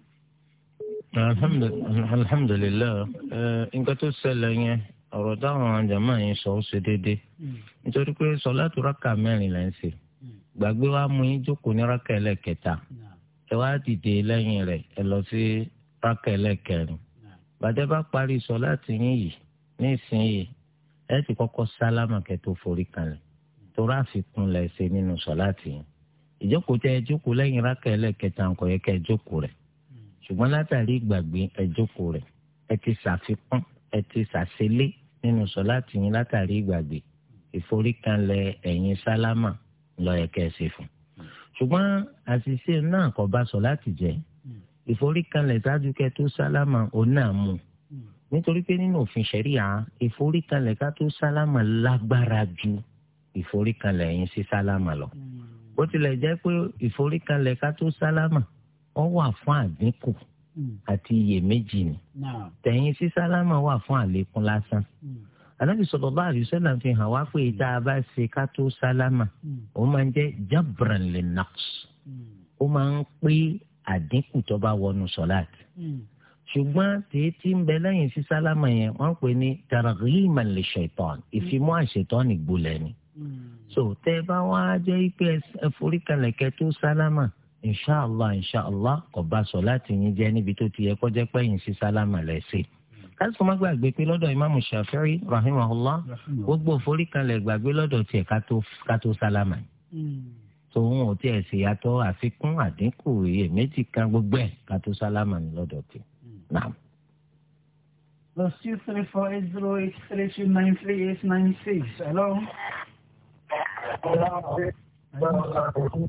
Speaker 2: alhamdulilayi eh, nǹkan tó ṣẹlẹ̀ yẹn ọ̀rọ̀ táwọn àjàmọ́ yẹn sọ ó ṣe déédéé hmm. nítorí pé sọ̀látù rákà mẹ́rin lẹ́ ń ṣe hmm. gbàgbé wa mú yín jókòó ní rákà ẹlẹ́kẹta hmm. ẹ wá dìde lẹ́yìn rẹ̀ ẹ lọ sí rákà ẹlẹ́kẹrin bàtẹ́ bá parí yín yìí ní ìsinyìí ẹ ti kọ́kọ́ sálámà forí kalẹ̀ torí àfikún ṣe nínú yín ìjókòó ẹ jókòó lẹ́yìn rákà ẹlẹ́kẹta nǹkan yẹ ṣùgbọ́n látàrí ìgbàgbé ẹ̀jókòó rẹ̀ ẹ ti ṣàfikún ẹ ti ṣàṣelé nínú sọláàtì yín látàrí ìgbàgbé ìforíkanlẹ̀ ẹ̀yìn sálámà lọ́yẹ̀ kẹ́sì fún. ṣùgbọ́n àṣìṣe náà kò bá sọláàtì jẹ́ ìforíkanlẹ̀ ṣáájú kẹ́ tó sálámà òun náà mú un nítorí pé nínú òfin ṣẹ̀ríà ìforíkanlẹ̀ ká tó sálámà lágbára ju ìforíkanlẹ̀ yín sí sálámà lọ bó tilẹ̀ jẹ́ pé ìforíkanlẹ̀ ká tó sálámà. Mm ọ wà fún àdínkù hmm. àti iyèméjì ni tẹ̀yìn sí sálámà wà fún àlékún lásán anabi hmm. sallallahu alaihi wasallam fi hàn wá pé hmm. tá a bá ṣe ká tó sálámà ó máa ń jẹ́ jabran le naqs ó máa ń pé àdínkù tó bá wọnú sọláàtì ṣùgbọ́n tètè ń bẹ lẹ́yìn sí sálámà yẹn wọ́n ń pè ní targhiman li shaitan ìfimọ́ àṣetán ìgbolẹ̀ so tẹ́ bá wá jẹ́ pé ẹ forí kalẹ̀ tó sálámà Inshallah, Inshallah, kò bá sọ láti yín jẹ́ níbi tó ti yẹ kó jẹ́ pẹ́yìn sí sálámà lẹ́sẹ̀ kásìkò má gbàgbé pé lọ́dọ̀ ìmáàmù Shafi'i rahimahullah gbogbo foríkanlẹ̀ gbàgbé lọ́dọ̀ tiẹ̀ ká tó sálámà tòun hmm. ò tiẹ̀ sì yàtọ̀ àfikún àdínkù iyèméjì kan gbogbo ẹ̀ ká tó sálámà ní lọ́dọ̀ tiẹ̀ hmm. náà.
Speaker 1: plus two three four eight zero eight three two nine three eight nine six hello.
Speaker 3: hello. hello. hello.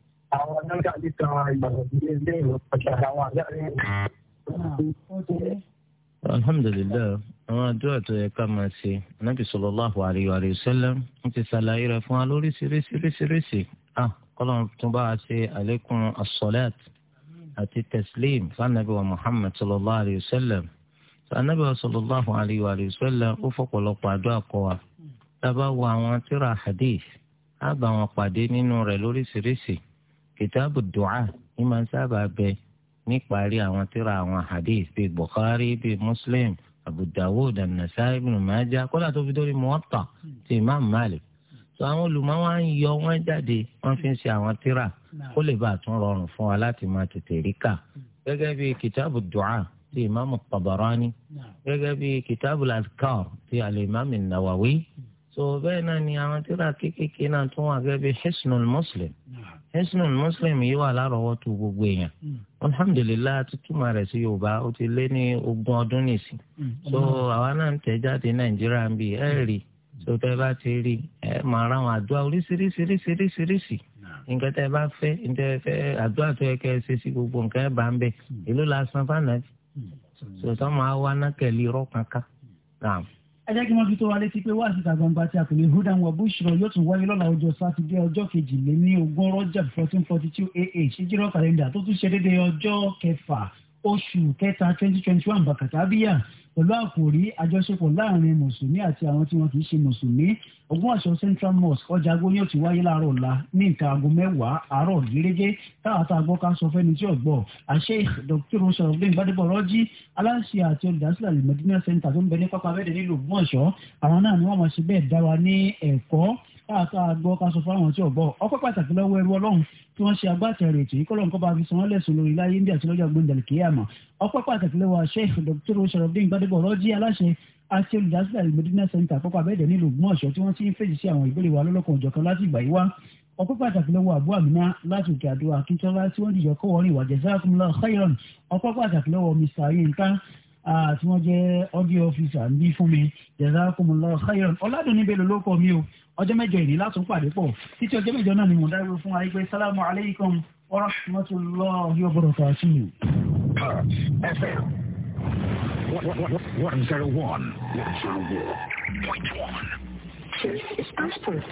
Speaker 3: àwọn nọ́ńdà níta ìgbàgbọ́ ilé ilé ìwé ọjà àwọn àgbà rẹ̀.
Speaker 2: alhamdulilayi àwọn àdúrà tó yẹ ká máa ṣe anábì sallallahu alaihi wa sallam ń ti ṣàlàyé rẹ̀ fún wa lóríṣiríṣiríṣiríṣi kọlọ́n tún bá a ṣe àlékún asọ́lẹ́t àti tẹ̀sílẹ̀m fanabi wa muhammed sallallahu alayhi wa sallam fanabi wa sallallahu alayhi wa sallam ó fọ̀pọ̀lọpọ̀ àdúrà kọ́ wa dábàá wo àwọn tíra hadith á wọn pàdé nínú rẹ̀ lóríṣiríṣi kìtàbù dùá ní máa ń sábà bẹ níparí àwọn tíra àwọn hadith bíi bukhari bíi muslim abu dawud an-nasai ibn majah kódà tó fi dórí muwatta ti imam malik tó àwọn olùmọ̀ wa ń yọ wọn jáde wọn fi ń ṣe àwọn tíra kó lè bàa tún rọrùn fún wa láti máa tètè rí kà gẹ́gẹ́ bíi kìtàbù dùá ti imam tabarani gẹ́gẹ́ bíi kitabu al ti alimami nawawi so bẹ́ẹ̀ náà ni àwọn tíra kékeré náà tún wà gẹ́gẹ́ bíi hisnul muslim hisnul muslim yìí wà lárọ̀ọ́wọ́tò gbogbo èèyàn hmm. alhamdulilayi a ti túmọ̀ rẹ̀ sí yorùbá ó ti lé ní ogún ọdún nìsín hmm. so àwa náà ń tẹ̀ jáde nàìjíríà ń bì ẹ̀ rí so tẹ́ bá ti rí ẹ̀ máa ra àwọn àdúrà oríṣiríṣiríṣiríṣi nǹkan tẹ́ bá fẹ́ nǹkan fẹ́ àdúrà tó yẹ kẹ́ ẹ ṣe sí gbogbo nǹkan ẹ̀ bá ń bẹ̀ hmm. èló la san fánàbì so tọ́ máa wá nákẹ́lì rọ́ kankan
Speaker 1: ẹ jẹ́ kí wọ́n fi tó wa létí pé wáàsí ìta gbangba tí a pè ní hudan wa bushra yóò tún wáyé lọ́la ọjọ́ sátidé ọjọ́ kejìléní ogún rọ́jà fourteen forty two ah ṣíjírọ̀ kàlẹ́ndà tó tún ṣe déédéé ọjọ́ kẹfà oṣù kẹta twenty twenty one bàkàtàbíyà pẹ̀lú àkòrí àjọṣepọ̀ láàrin mùsùlùmí àti àwọn tí wọn kì í ṣe mùsùlùmí Ògbómọ̀ṣọ́ central mosque ọjà agbó yóò ti wáyé láàárọ̀ ọ̀la ní nǹkan aago mẹ́wàá àárọ̀ gírégé táàtà àgbọ́ ká sọ fẹ́ni tí ọ̀gbọ́ àṣẹ dr sọ̀rọ̀gbìn gbadébọ̀ rọ́jí aláṣẹ àti olùdásílẹ̀ alimọ̀dínà center tó ń bẹ ní pápá abẹ́rẹ́ nílùú Ògbómọ̀ṣọ́ àwọn náà ni wọ́n máa ṣe bẹ́ẹ̀ dá wa ní ẹ̀kọ́ táàtà àgbọ́ ká sọ fáwọn tí ọ̀gbọ́ ọpẹ́ pàtàkì lọ́wọ́ ẹrú ọlọ́run tí wọ́n ṣe agbátẹrù ètò yìí kọ́lọ́n kọ́ba fi sanwó lẹ́sùn lórí láyé ń bí àti lọ́jọ́ gbẹ̀ndẹ̀lì kíyàmọ̀ ọpẹ́ pàtàkì lẹ́wọ̀ Sheikh Dr. Sharafdeen Gbadebo rọ́jí aláṣẹ àti olùdásílẹ̀ alimọ̀dínà center àkọ́kọ́ abẹ́ẹ̀dẹ̀ nílùú Ògbómọ̀ṣọ́ tí wọ́n ti ń fèsì sí àwọn ìbéèrè wa lọ́lọ́kan òjọ̀kan láti ìgbà yìí wá ọpẹ́ pàtàkì lọ́wọ́ àbú àmìnà láti òkè àdó akíntola tí wọ́n dìjọ́ kọ́wọ́ rìn wà jazakumullahu khairan ọpẹ́ pàtàkì lọ́wọ́ Mr. Yinka tí wọ́n jẹ́ audio officer ń bí fún mi jazakumullahu khairan ọ̀làdùn níbẹ̀ lọ́lọ́kọ̀ mi o ọjọ́ mẹ́jọ ìní látún pàdé pọ̀ títí ọjọ́ mẹ́jọ náà ni mo dáwọ́ fún ayé pé sálámù aleykum wa point one. This is passport.